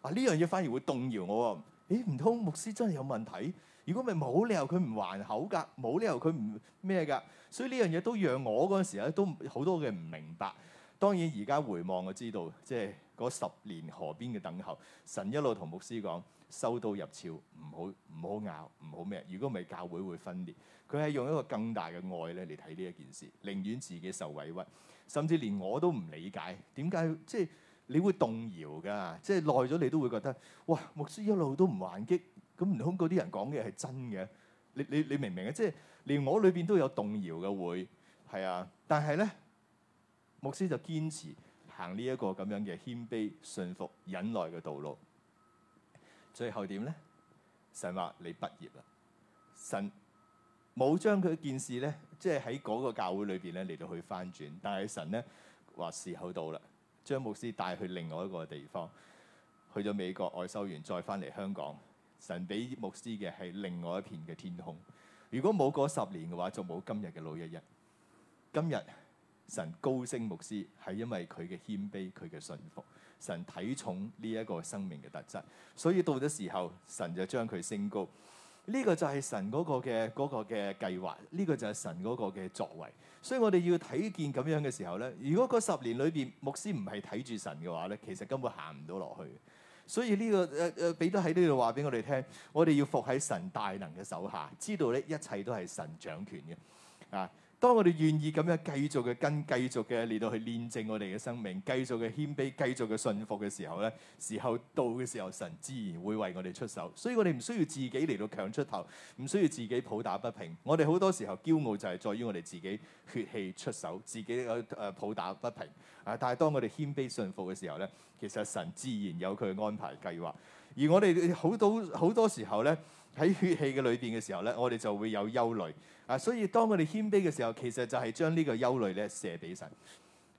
啊呢樣嘢反而會動搖我喎、啊，咦唔通牧師真係有問題？如果咪冇理由佢唔還口㗎，冇理由佢唔咩㗎，所以呢樣嘢都讓我嗰陣時候都好多嘅唔明白。當然而家回望我知道，即係嗰十年河邊嘅等候，神一路同牧師講：收刀入鞘，唔好唔好咬，唔好咩。如果咪教會會分裂，佢係用一個更大嘅愛咧嚟睇呢一件事，寧願自己受委屈，甚至連我都唔理解點解，即係、就是、你會動搖㗎，即係耐咗你都會覺得哇，牧師一路都唔還擊。咁唔通嗰啲人講嘅係真嘅？你你你明唔明啊？即係連我裏邊都有動搖嘅，會係啊。但係咧，牧師就堅持行呢一個咁樣嘅謙卑、信服、忍耐嘅道路。最後點咧？神話你畢業啦，神冇將佢件事咧，即係喺嗰個教會裏邊咧嚟到去翻轉。但係神咧話時候到啦，將牧師帶去另外一個地方，去咗美國外修完，再翻嚟香港。神俾牧師嘅係另外一片嘅天空。如果冇嗰十年嘅話，就冇今日嘅老一日。今日神高升牧師，係因為佢嘅謙卑、佢嘅信服。神睇重呢一個生命嘅特質，所以到咗時候，神就將佢升高。呢個就係神嗰個嘅嗰個嘅計劃。呢個就係神嗰個嘅作為。所以我哋要睇見咁樣嘅時候咧，如果嗰十年裏邊牧師唔係睇住神嘅話咧，其實根本行唔到落去。所以呢個誒誒，彼得喺呢度話俾我哋聽，我哋要服喺神大能嘅手下，知道咧一切都係神掌權嘅啊。當我哋願意咁樣繼續嘅跟，繼續嘅嚟到去煉正我哋嘅生命，繼續嘅謙卑，繼續嘅信服嘅時候咧，時候到嘅時候，神自然會為我哋出手。所以我哋唔需要自己嚟到強出頭，唔需要自己抱打不平。我哋好多時候驕傲就係在於我哋自己血氣出手，自己誒抱打不平。啊！但係當我哋謙卑信服嘅時候咧，其實神自然有佢嘅安排計劃。而我哋好多好多時候咧，喺血氣嘅裏邊嘅時候咧，我哋就會有憂慮啊！所以當我哋謙卑嘅時候，其實就係將呢個憂慮咧，射俾神，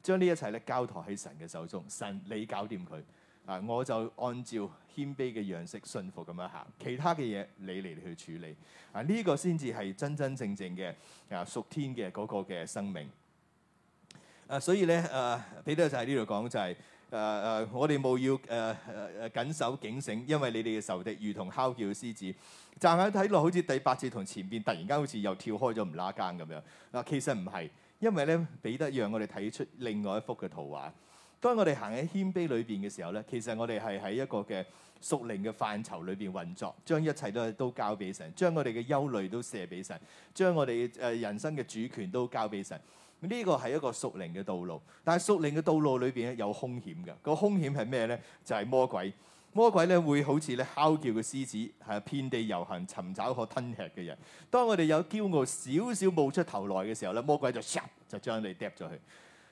將呢一切咧交託喺神嘅手中。神你搞掂佢啊，我就按照謙卑嘅樣式信服咁樣行，其他嘅嘢，你嚟去處理啊！呢個先至係真真正正嘅啊屬天嘅嗰個嘅生命啊！所以咧啊，彼得就喺呢度講就係。誒誒，我哋冇要誒誒誒，緊守警醒，因為你哋嘅仇敵如同哮叫嘅獅子。站喺睇落好似第八節同前邊突然間好似又跳開咗唔拉更咁樣。嗱，其實唔係，因為咧彼得讓我哋睇出另外一幅嘅圖畫。當我哋行喺謙卑裏邊嘅時候咧，其實我哋係喺一個嘅屬靈嘅範疇裏邊運作，將一切都都交俾神，將我哋嘅憂慮都卸俾神，將我哋誒人生嘅主權都交俾神。呢個係一個屬靈嘅道路，但係屬靈嘅道路裏邊咧有風險嘅。個風險係咩咧？就係、是、魔鬼。魔鬼咧會好似咧嚎叫嘅獅子，係遍地遊行，尋找可吞吃嘅人。當我哋有驕傲少少冒出頭來嘅時候咧，魔鬼就唰就將你釘咗去。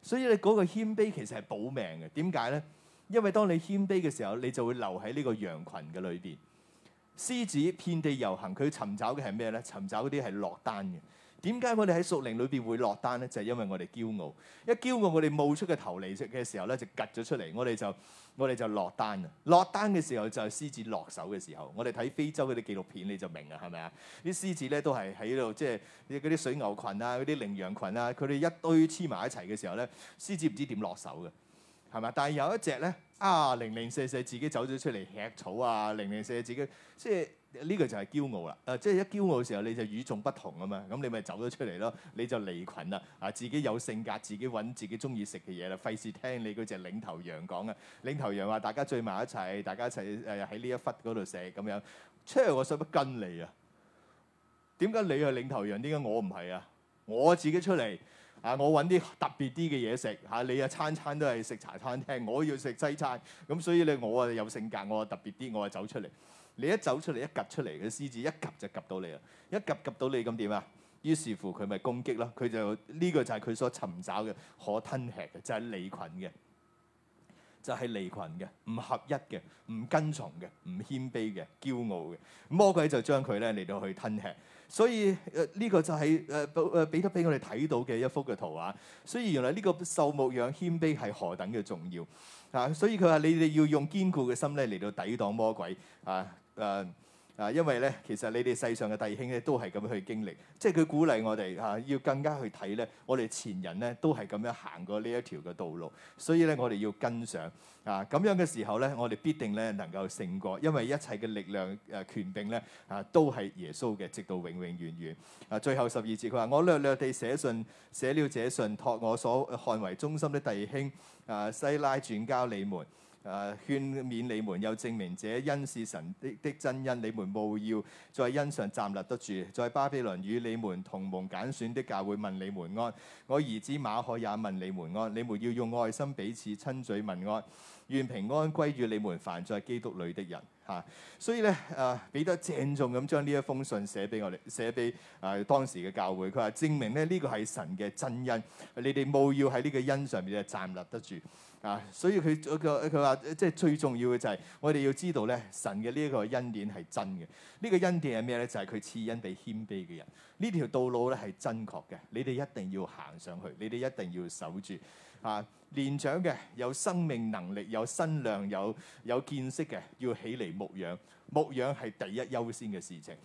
所以你嗰個謙卑其實係保命嘅。點解咧？因為當你謙卑嘅時候，你就會留喺呢個羊群嘅裏邊。獅子遍地遊行，佢尋找嘅係咩咧？尋找嗰啲係落單嘅。點解我哋喺屬靈裏邊會落單咧？就係因為我哋驕傲，一驕傲我哋冒出嘅頭利是嘅時候咧，就趷咗出嚟，我哋就我哋就落單啊！落單嘅時候就係獅子落手嘅時候，我哋睇非洲嗰啲紀錄片你就明喇，係咪啊？啲獅子咧都係喺度即係嗰啲水牛群啊、嗰啲羚羊群啊，佢哋一堆黐埋一齊嘅時候咧，獅子唔知點落手嘅，係咪？但係有一隻咧啊，零零四四自己走咗出嚟吃草啊，零零四四自己即係。呢個就係驕傲啦！誒、啊，即係一驕傲嘅時候，你就與眾不同啊嘛！咁你咪走咗出嚟咯，你就離群啦！啊，自己有性格，自己揾自己中意食嘅嘢啦，費事聽你嗰隻領頭羊講啊！領頭羊話大家聚埋一齊，大家一齊喺呢一忽嗰度食咁樣。出、啊、嚟我使乜跟你啊？點解你係領頭羊？點解我唔係啊？我自己出嚟啊！我揾啲特別啲嘅嘢食嚇，你啊餐餐都係食茶餐廳，我要食西餐咁，所以咧我啊有性格，我特別啲，我就走出嚟。你一走出嚟，一 𥄫 出嚟，個獅子一 𥄫 就 𥄫 到你啦，一 𥄫𥄫 到你咁點啊？於是乎佢咪攻擊咯，佢就呢、這個就係佢所尋找嘅可吞吃嘅，就係、是、離群嘅，就係、是、離群嘅，唔合一嘅，唔跟從嘅，唔謙卑嘅，驕傲嘅。魔鬼就將佢咧嚟到去吞吃，所以誒呢、呃這個就係誒誒彼得俾我哋睇到嘅一幅嘅圖畫。所以原來呢個受牧養謙卑係何等嘅重要啊！所以佢話你哋要用堅固嘅心咧嚟到抵擋魔鬼啊！誒啊！因為咧，其實你哋世上嘅弟兄咧，都係咁樣去經歷，即係佢鼓勵我哋嚇，要更加去睇咧，我哋前人咧都係咁樣行過呢一條嘅道路，所以咧我哋要跟上啊！咁樣嘅時候咧，我哋必定咧能夠勝過，因為一切嘅力量誒權柄咧啊，都係耶穌嘅，直到永永遠遠啊！最後十二節佢話：我略略地寫信，寫了這信託我所看為忠心的弟兄啊西拉轉交你們。誒、呃、勸勉你們，又證明這恩是神的的真恩。你們務要在恩上站立得住。在巴比倫與你們同蒙揀選的教會問你們安。我兒子馬可也問你們安。你們要用愛心彼此親嘴問安。願平安歸於你們，凡在基督裡的人。嚇、啊！所以咧，誒、呃、彼得鄭重咁將呢一封信寫俾我哋，寫俾誒當時嘅教會。佢話證明咧呢、這個係神嘅真恩。你哋務要喺呢個恩上面誒站立得住。啊！所以佢個佢話，即係最重要嘅就係，我哋要知道咧，神嘅呢一個恩典係真嘅。呢個恩典係咩咧？就係佢賜恩俾謙卑嘅人。呢條道路咧係真確嘅，你哋一定要行上去，你哋一定要守住。啊，年長嘅有生命能力、有身量、有有見識嘅，要起嚟牧養。牧養係第一優先嘅事情。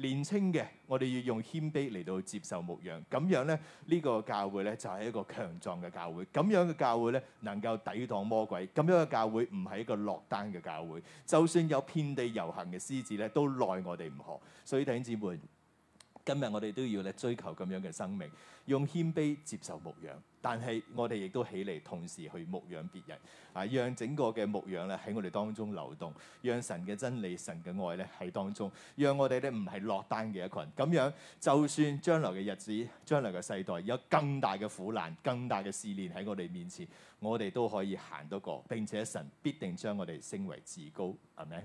年青嘅，我哋要用謙卑嚟到接受牧養，咁樣咧呢、呢個教會咧就係一個強壯嘅教會。咁樣嘅教會咧能夠抵擋魔鬼。咁樣嘅教會唔係一個落單嘅教會。就算有遍地遊行嘅獅子咧，都奈我哋唔何。所以弟兄姊妹，今日我哋都要咧追求咁樣嘅生命，用謙卑接受牧養。但係我哋亦都起嚟同時去牧養別人，啊，讓整個嘅牧養咧喺我哋當中流動，讓神嘅真理、神嘅愛咧喺當中，讓我哋咧唔係落單嘅一群。咁樣就算將來嘅日子，將來嘅世代有更大嘅苦難、更大嘅試煉喺我哋面前，我哋都可以行到過，並且神必定將我哋升為至高，係咪？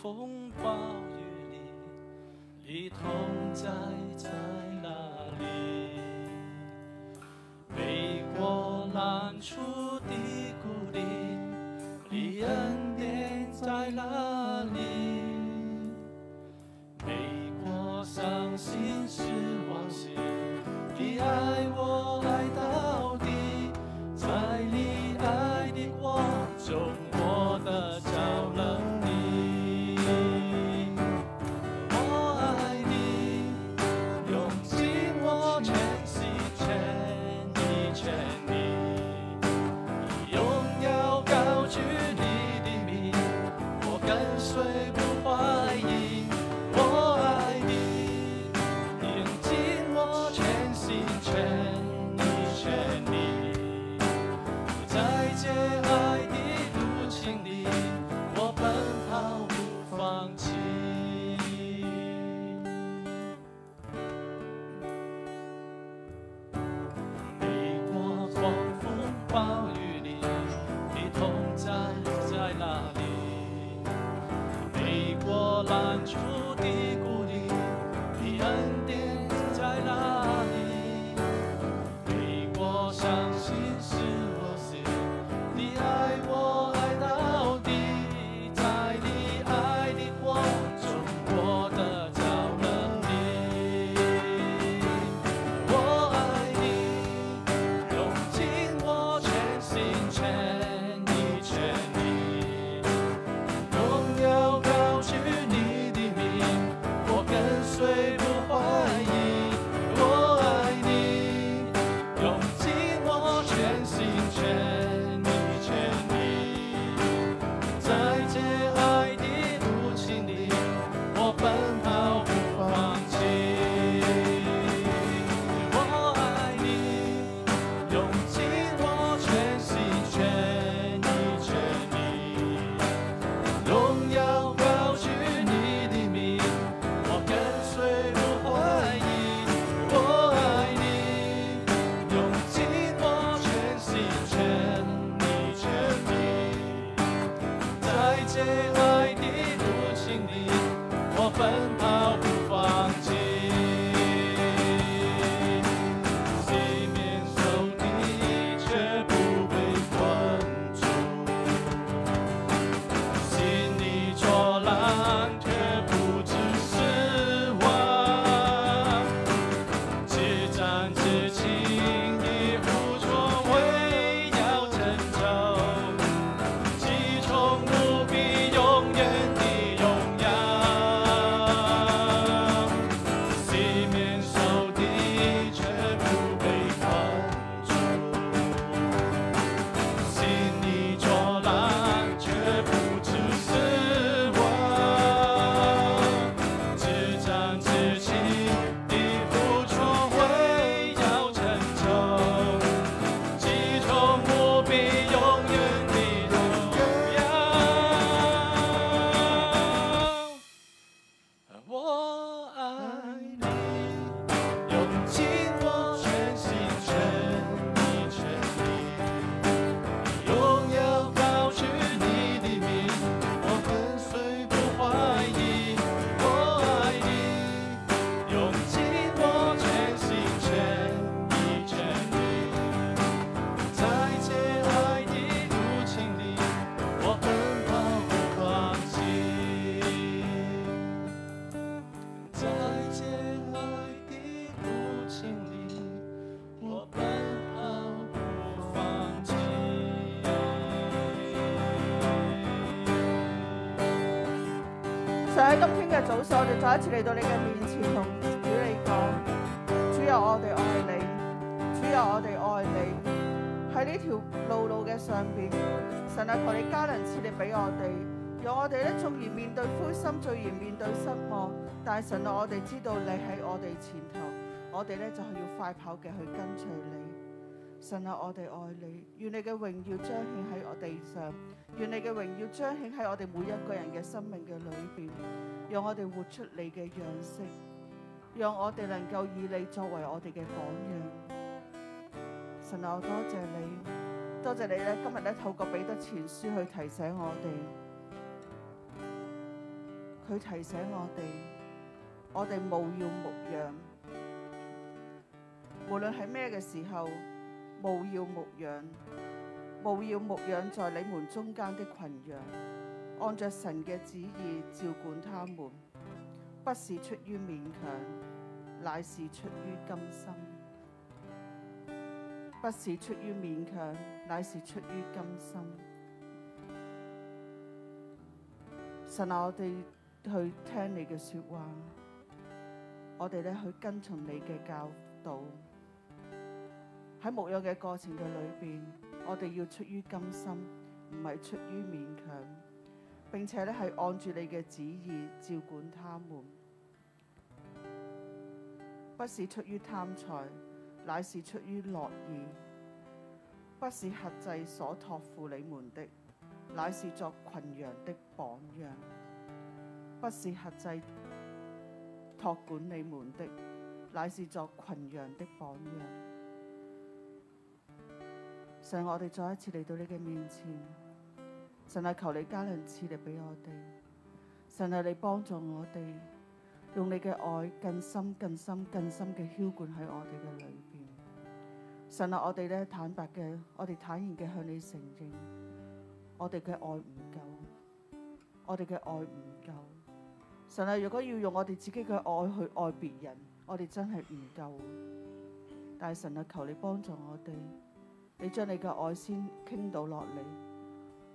風暴雨裡，你同在，在哪裏？背過難處。所以我哋再一次嚟到你嘅面前，同主你講：主有我哋愛你，主有我哋愛你。喺呢條路路嘅上邊，神啊，求你加能賜力俾我哋，讓我哋咧縱然面對灰心，縱然面對失望，但係神啊，我哋知道你喺我哋前頭，我哋咧就係要快跑嘅去跟隨你。神啊，我哋愛你，願你嘅榮耀彰顯喺我地上，願你嘅榮耀彰顯喺我哋每一個人嘅生命嘅裏邊。讓我哋活出你嘅樣式，讓我哋能夠以你作為我哋嘅榜樣。神啊，多謝你，多謝你咧！今日咧透過彼得前書去提醒我哋，佢提醒我哋，我哋務要牧養，無論喺咩嘅時候務要牧養，務要牧養在你們中間的群羊。按着神嘅旨意照管他們，不是出於勉強，乃是出於甘心。不是出於勉強，乃是出於甘心。神啊，我哋去聽你嘅説話，我哋咧去跟從你嘅教導。喺牧養嘅過程嘅裏邊，我哋要出於甘心，唔係出於勉強。並且咧係按住你嘅旨意照管他們，不是出於貪財，乃是出於樂意；不是轄制所託付你們的，乃是作群羊的榜樣；不是轄制託管你們的，乃是作群羊的榜樣。想我哋再一次嚟到你嘅面前。神啊，求你加量次力俾我哋。神啊，你幫助我哋，用你嘅愛更深、更深、更深嘅澆灌喺我哋嘅裏邊。神啊，我哋咧坦白嘅，我哋坦然嘅向你承認，我哋嘅愛唔夠，我哋嘅愛唔夠。神啊，如果要用我哋自己嘅愛去愛別人，我哋真係唔夠。但係神啊，求你幫助我哋，你將你嘅愛先傾到落嚟。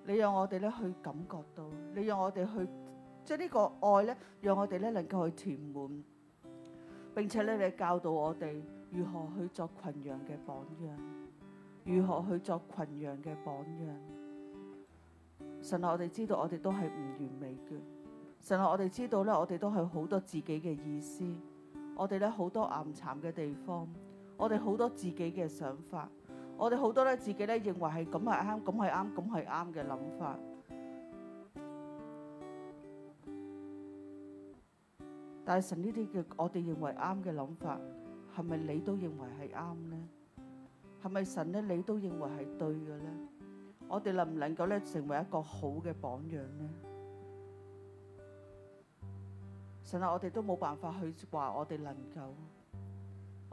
你讓我哋咧去感覺到，你讓我哋去，即係呢個愛咧，讓我哋咧能夠去填滿。並且咧你教導我哋如何去作群羊嘅榜樣，如何去作群羊嘅榜樣。哦、神啊，我哋知道我哋都係唔完美嘅。神啊，我哋知道咧，我哋都係好多自己嘅意思，我哋咧好多暗慘嘅地方，我哋好多自己嘅想法。我哋好多咧，自己咧認為係咁係啱，咁係啱，咁係啱嘅諗法。但係神呢啲嘅，我哋認為啱嘅諗法，係咪你都認為係啱咧？係咪神咧，你都認為係對嘅咧？我哋能唔能夠咧成為一個好嘅榜樣咧？神啊，我哋都冇辦法去話我哋能夠。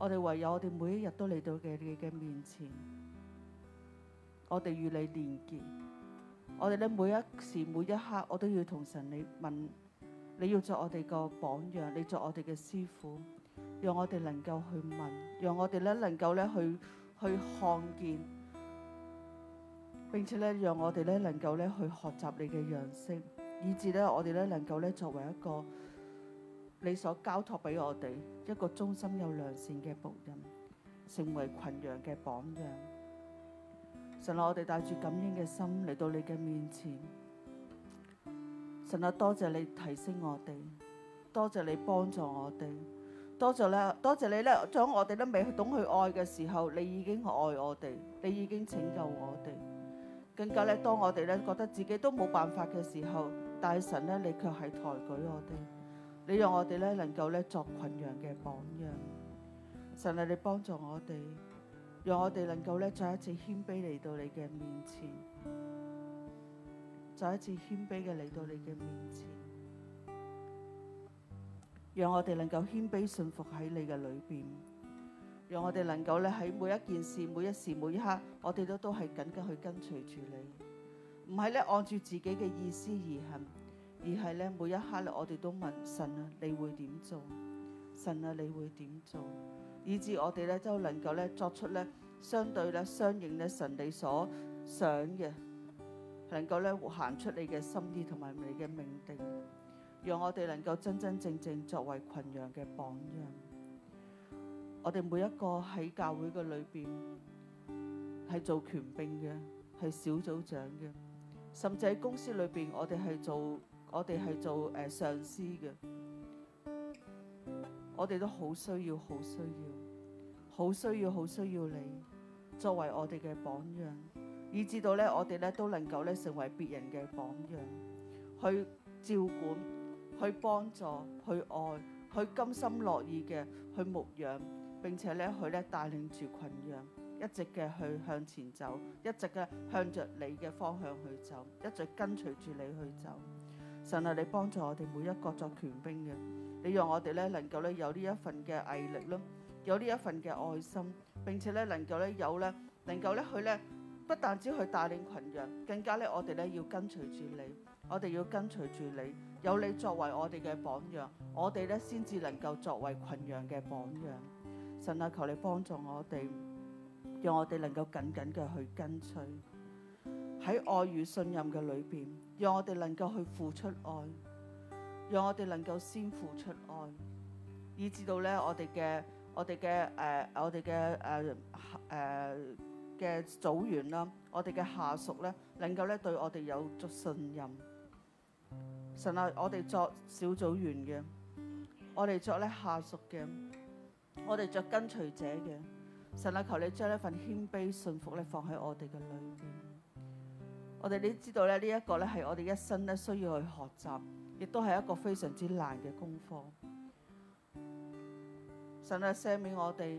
我哋唯有我哋每一日都嚟到嘅你嘅面前，我哋與你連結。我哋咧每一時每一刻，我都要同神你問，你要作我哋個榜樣，你作我哋嘅師傅，讓我哋能夠去問，讓我哋咧能夠咧去去看見，並且咧讓我哋咧能夠咧去學習你嘅樣式，以至咧我哋咧能夠咧作為一個。你所交託俾我哋一個忠心有良善嘅僕人，成為群羊嘅榜樣。神啊，我哋帶住感恩嘅心嚟到你嘅面前。神啊，多謝你提升我哋，多謝你幫助我哋，多謝咧，多謝你咧，在我哋都未去懂去愛嘅時候，你已經愛我哋，你已經拯救我哋。更加咧，當我哋咧覺得自己都冇辦法嘅時候，大神咧，你卻係抬舉我哋。你讓我哋咧能夠咧作群羊嘅榜樣，神啊！你幫助我哋，讓我哋能夠咧再一次謙卑嚟到你嘅面前，再一次謙卑嘅嚟到你嘅面前，讓我哋能夠謙卑信服喺你嘅裏邊，讓我哋能夠咧喺每一件事、每一時、每一刻，我哋都都係緊緊去跟隨住你，唔係咧按住自己嘅意思而行。而係咧，每一刻咧，我哋都問神啊，你會點做？神啊，你會點做？以致我哋咧，都能夠咧作出咧相對咧相應咧神你所想嘅，能夠咧行出你嘅心意同埋你嘅命定，讓我哋能夠真真正正作為群羊嘅榜樣。我哋每一個喺教會嘅裏邊係做權柄嘅，係小組長嘅，甚至喺公司裏邊，我哋係做。我哋係做誒上司嘅，我哋都好需要、好需要、好需要、好需要你作為我哋嘅榜樣，以至到咧，我哋咧都能夠咧成為別人嘅榜樣，去照管、去幫助、去愛、去甘心樂意嘅去牧養，並且咧佢咧帶領住群羊一直嘅去向前走，一直嘅向着你嘅方向去走，一直跟隨住你去走。神啊，你幫助我哋每一個作群兵嘅，你讓我哋咧能夠咧有呢一份嘅毅力咯，有呢一份嘅愛心，並且咧能夠咧有咧，能夠咧去咧，不但只去帶領群羊，更加咧我哋咧要跟隨住你，我哋要跟隨住你，有你作為我哋嘅榜樣，我哋咧先至能夠作為群羊嘅榜樣。神啊，求你幫助我哋，讓我哋能夠緊緊嘅去跟隨，喺愛與信任嘅裏邊。讓我哋能夠去付出愛，讓我哋能夠先付出愛，以至到咧我哋嘅我哋嘅誒我哋嘅誒誒嘅組員啦，我哋嘅、uh, uh, uh, 下屬咧，能夠咧對我哋有咗信任。神啊，我哋作小組員嘅，我哋作咧下屬嘅，我哋作跟隨者嘅。神啊，求你將呢份謙卑信服咧放喺我哋嘅裏邊。我哋都知道咧，呢一個咧係我哋一生咧需要去學習，亦都係一個非常之難嘅功課。神啊，赦免我哋！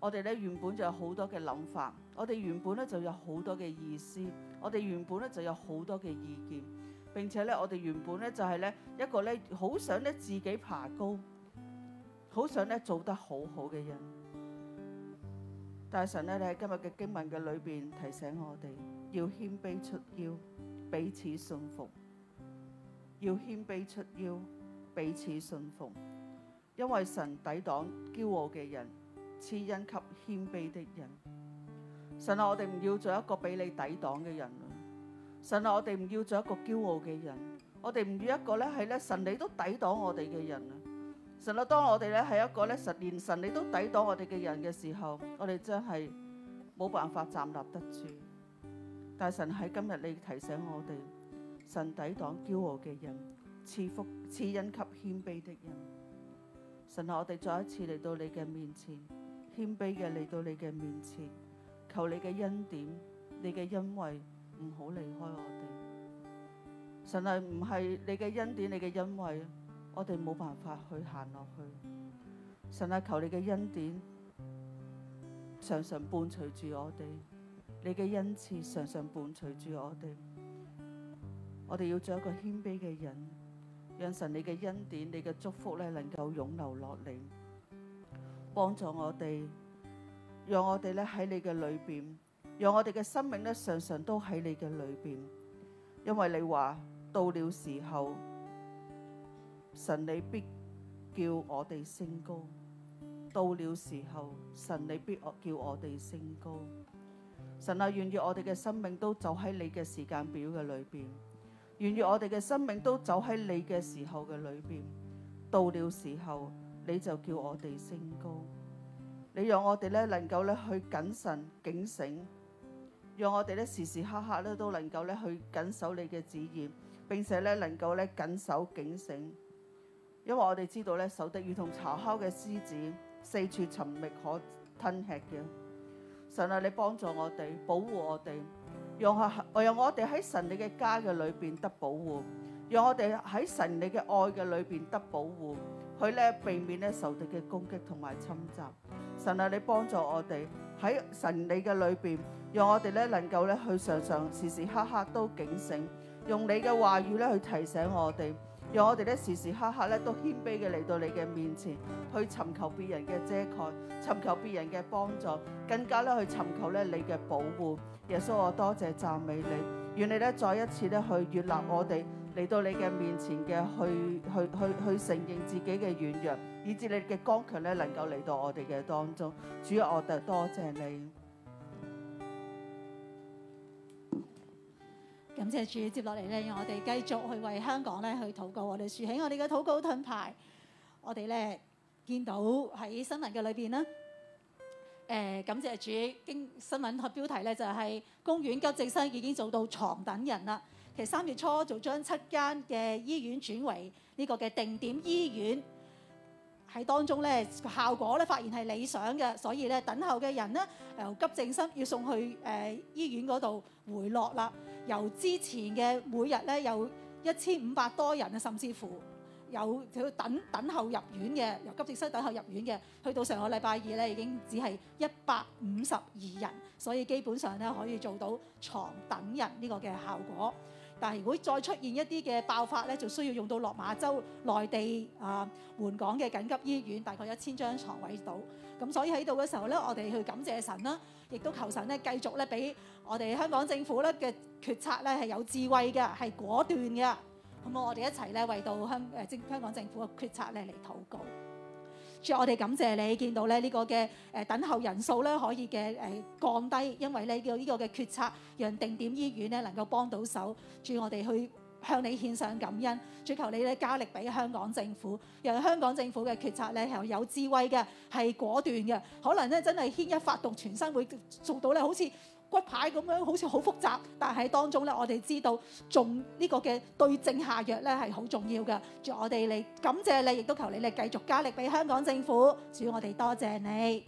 我哋咧原本就有好多嘅諗法，我哋原本咧就有好多嘅意思，我哋原本咧就有好多嘅意見。並且咧，我哋原本咧就係咧一個咧好想咧自己爬高，好想咧做得好好嘅人。但神咧、啊，你喺今日嘅經文嘅裏邊提醒我哋。要謙卑出腰，彼此順服；要謙卑出腰，彼此順服。因為神抵擋驕傲嘅人，賜恩給謙卑的人。神啊，我哋唔要做一個俾你抵擋嘅人啦。神啊，我哋唔要做一個驕傲嘅人。我哋唔要一個咧，係咧神，你都抵擋我哋嘅人啦。神啊，當我哋咧係一個咧神連神你都抵擋我哋嘅人嘅時候，我哋真係冇辦法站立得住。大神喺今日，你提醒我哋，神抵擋驕傲嘅人，賜福賜恩給謙卑的人。神啊，我哋再一次嚟到你嘅面前，謙卑嘅嚟到你嘅面前，求你嘅恩典，你嘅恩惠唔好離開我哋。神啊，唔係你嘅恩典，你嘅恩惠，我哋冇辦法去行落去。神啊，求你嘅恩典，常常伴隨住我哋。你嘅恩賜常常伴隨住我哋，我哋要做一個謙卑嘅人，讓神你嘅恩典、你嘅祝福咧，能夠湧流落嚟，幫助我哋，讓我哋咧喺你嘅裏邊，讓我哋嘅生命咧，常常都喺你嘅裏邊。因為你話到了時候，神你必叫我哋升高；到了時候，神你必我叫我哋升高。神啊，願意我哋嘅生命都走喺你嘅時間表嘅裏邊，願意我哋嘅生命都走喺你嘅時候嘅裏邊。到了時候，你就叫我哋升高，你讓我哋咧能夠咧去謹慎警醒，讓我哋咧時時刻刻咧都能夠咧去謹守你嘅旨意，並且咧能夠咧謹守警醒，因為我哋知道咧守得如同吼叫嘅獅子，四處尋覓可吞吃嘅。神啊，你幫助我哋，保護我哋，讓下，讓我哋喺神你嘅家嘅裏邊得保護，讓我哋喺神你嘅愛嘅裏邊得保護，佢咧避免咧受敵嘅攻擊同埋侵襲，神啊，你幫助我哋喺神你嘅裏邊，讓我哋咧能夠咧去常常時時刻刻都警醒，用你嘅話語咧去提醒我哋。讓我哋咧時時刻刻咧都謙卑嘅嚟到你嘅面前，去尋求別人嘅遮蓋，尋求別人嘅幫助，更加咧去尋求咧你嘅保護。耶穌，我多謝讚美你，願你咧再一次咧去接納我哋嚟到你嘅面前嘅，去去去去承認自己嘅軟弱，以至你嘅剛強咧能夠嚟到我哋嘅當中。主，我哋多謝你。感謝主，接落嚟咧，讓我哋繼續去為香港咧去禱告，我，我哋豎起我哋嘅禱告盾牌。我哋咧見到喺新聞嘅裏邊啦。誒、呃、感謝主，經新聞個標題咧就係、是、公園急症室已經做到床等人啦。其實三月初就將七間嘅醫院轉為呢個嘅定點醫院。喺當中呢，效果呢發現係理想嘅，所以呢，等候嘅人呢，由急症室要送去誒、呃、醫院嗰度回落啦。由之前嘅每日呢，有一千五百多人啊，甚至乎有等等候入院嘅，由急症室等候入院嘅，去到上個禮拜二呢，已經只係一百五十二人，所以基本上呢，可以做到床等人呢個嘅效果。但係，如果再出現一啲嘅爆發咧，就需要用到落馬洲內地啊援、呃、港嘅緊急醫院，大概一千張床位度。咁所以喺度嘅時候咧，我哋去感謝神啦，亦都求神咧繼續咧俾我哋香港政府咧嘅決策咧係有智慧嘅，係果斷嘅。咁啊，我哋一齊咧為到香誒政香港政府嘅決策咧嚟禱告。我哋感謝你，見到咧呢個嘅誒等候人數咧可以嘅誒降低，因為咧叫呢個嘅決策，讓定點醫院咧能夠幫到手。祝我哋去向你獻上感恩，追求你咧加力俾香港政府，讓香港政府嘅決策咧係有智慧嘅，係果斷嘅。可能咧真係牽一發動全身，會做到咧好似。骨牌咁樣好似好複雜，但係當中咧，我哋知道仲呢個嘅對症下藥咧係好重要嘅。我哋嚟感謝你，亦都求你咧繼續加力俾香港政府，主要我哋多謝你。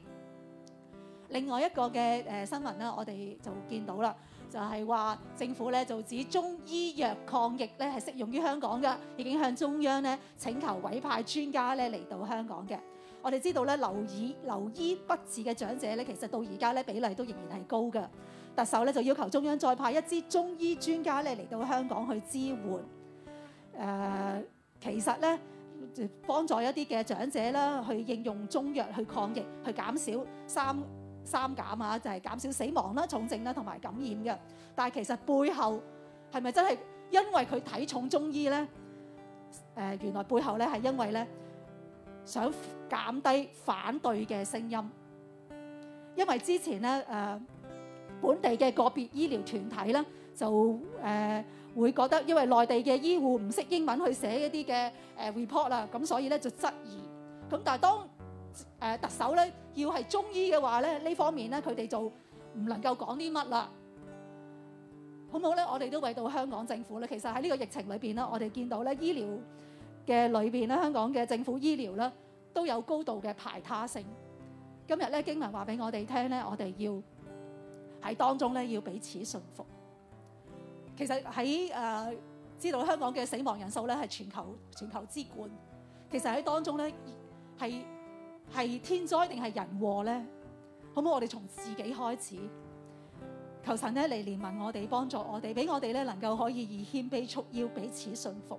另外一個嘅誒新聞咧，我哋就見到啦，就係話政府咧就指中醫藥抗疫咧係適用於香港嘅，已經向中央咧請求委派專家咧嚟到香港嘅。我哋知道咧，留醫留醫不治嘅長者咧，其實到而家咧比例都仍然係高嘅。特首咧就要求中央再派一支中醫專家咧嚟到香港去支援。誒、呃，其實咧幫助一啲嘅長者啦，去應用中藥去抗疫，去減少三三減啊，就係、是、減少死亡啦、啊、重症啦同埋感染嘅。但係其實背後係咪真係因為佢睇重中醫咧？誒、呃，原來背後咧係因為咧想。減低反對嘅聲音，因為之前咧誒本地嘅個別醫療團體咧就誒會覺得，因為內地嘅醫護唔識英文去寫一啲嘅誒 report 啦，咁所以咧就質疑。咁但係當誒特首咧要係中醫嘅話咧，呢方面咧佢哋就唔能夠講啲乜啦。好唔好咧？我哋都為到香港政府咧。其實喺呢個疫情裏邊咧，我哋見到咧醫療嘅裏邊咧，香港嘅政府醫療咧。都有高度嘅排他性。今日咧，經文話俾我哋聽咧，我哋要喺當中咧要彼此順服。其實喺誒、呃、知道香港嘅死亡人數咧係全球全球之冠。其實喺當中咧係係天災定係人禍咧？可唔可以我哋從自己開始。求神咧嚟憐憫我哋，幫助我哋，俾我哋咧能夠可以以謙卑束腰，彼此順服。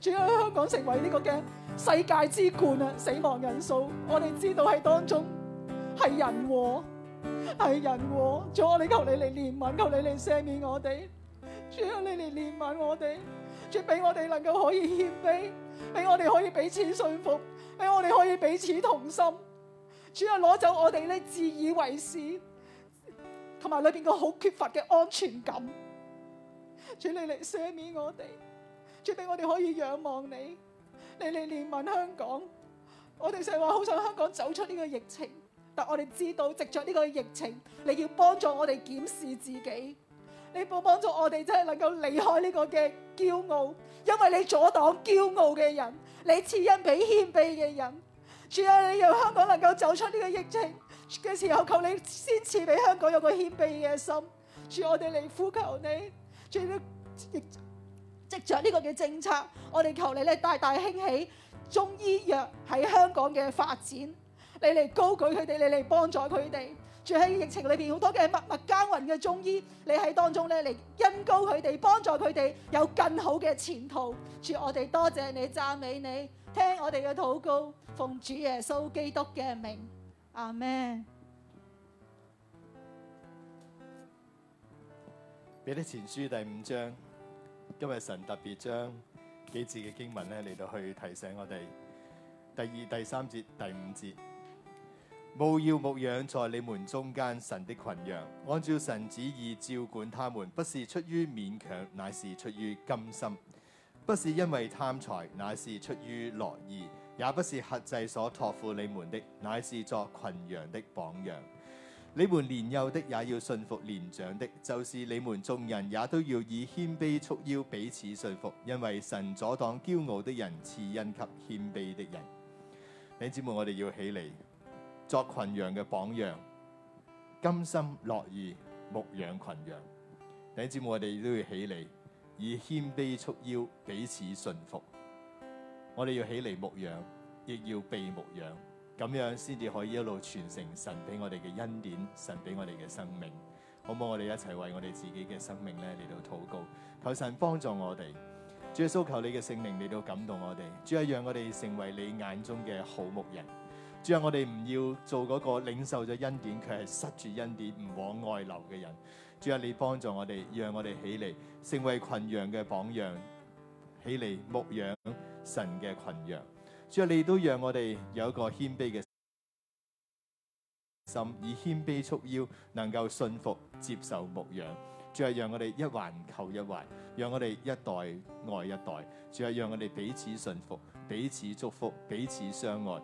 主喺香港成為呢個嘅世界之冠啊！死亡人數，我哋知道喺當中係人禍，係人禍。主啊，你求你嚟憐憫，求你嚟赦免我哋。主啊，你嚟憐憫我哋，主俾我哋能夠可以謙卑，俾我哋可以彼此信服，俾我哋可以彼此同心。主啊，攞走我哋呢自以為是，同埋裏邊個好缺乏嘅安全感。主你嚟赦免我哋。賜俾我哋可以仰望你，你嚟憐憫香港。我哋成日話好想香港走出呢個疫情，但我哋知道藉着呢個疫情，你要幫助我哋檢視自己。你幫幫助我哋真係能夠離開呢個嘅驕傲，因為你阻擋驕傲嘅人，你賜恩俾謙卑嘅人。主啊，你讓香港能夠走出呢個疫情嘅時候，求你先賜俾香港有個謙卑嘅心。主，我哋嚟呼求你，主。藉著呢個嘅政策，我哋求你咧，大大興起中醫藥喺香港嘅發展。你嚟高舉佢哋，你嚟幫助佢哋。主，喺疫情裏邊，好多嘅默默耕耘嘅中醫，你喺當中咧嚟恩膏佢哋，幫助佢哋有更好嘅前途。主，我哋多謝你，讚美你，聽我哋嘅禱告，奉主耶穌基督嘅名，阿門。彼得前書第五章。今日神特別將幾字嘅經文咧嚟到去提醒我哋，第二、第三節、第五節，務要牧養在你們中間神的群羊，按照神旨意照管他們，不是出於勉強，乃是出於甘心；不是因為貪財，乃是出於樂意；也不是轄制所託付你們的，乃是作群羊的榜樣。你們年幼的也要順服年長的，就是你們眾人也都要以謙卑束腰彼此順服，因為神阻擋驕傲的人，賜恩給謙卑的人。弟兄姊妹，我哋要起嚟作群羊嘅榜樣，甘心樂意牧養群羊。弟兄姊妹，我哋都要起嚟以謙卑束腰彼此順服。我哋要起嚟牧養，亦要被牧養。咁樣先至可以一路傳承神俾我哋嘅恩典，神俾我哋嘅生命，好唔好？我哋一齊為我哋自己嘅生命咧嚟到禱告，求神幫助我哋，主啊，求你嘅聖靈，嚟到感動我哋，主啊，讓我哋成為你眼中嘅好牧人，主啊，我哋唔要做嗰個領受咗恩典卻係塞住恩典唔往外流嘅人，主啊，你幫助我哋，讓我哋起嚟成為群羊嘅榜樣，起嚟牧養神嘅群羊。主啊，你都讓我哋有一個謙卑嘅心，以謙卑束腰，能夠信服接受牧養。主啊，讓我哋一環扣一環，讓我哋一代愛一代。主啊，讓我哋彼此信服，彼此祝福，彼此相愛，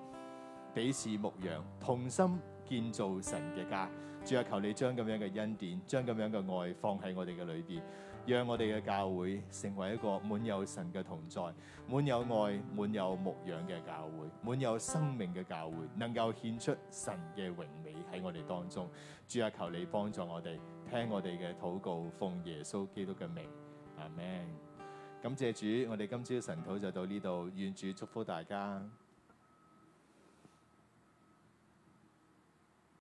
彼此牧養，同心建造神嘅家。主啊，求你將咁樣嘅恩典，將咁樣嘅愛放喺我哋嘅裏邊。讓我哋嘅教會成為一個滿有神嘅同在，滿有愛、滿有牧養嘅教會，滿有生命嘅教會，能夠獻出神嘅榮美喺我哋當中。主啊，求你幫助我哋，聽我哋嘅禱告，奉耶穌基督嘅名，阿門。感謝主，我哋今朝嘅神禱就到呢度，願主祝福大家。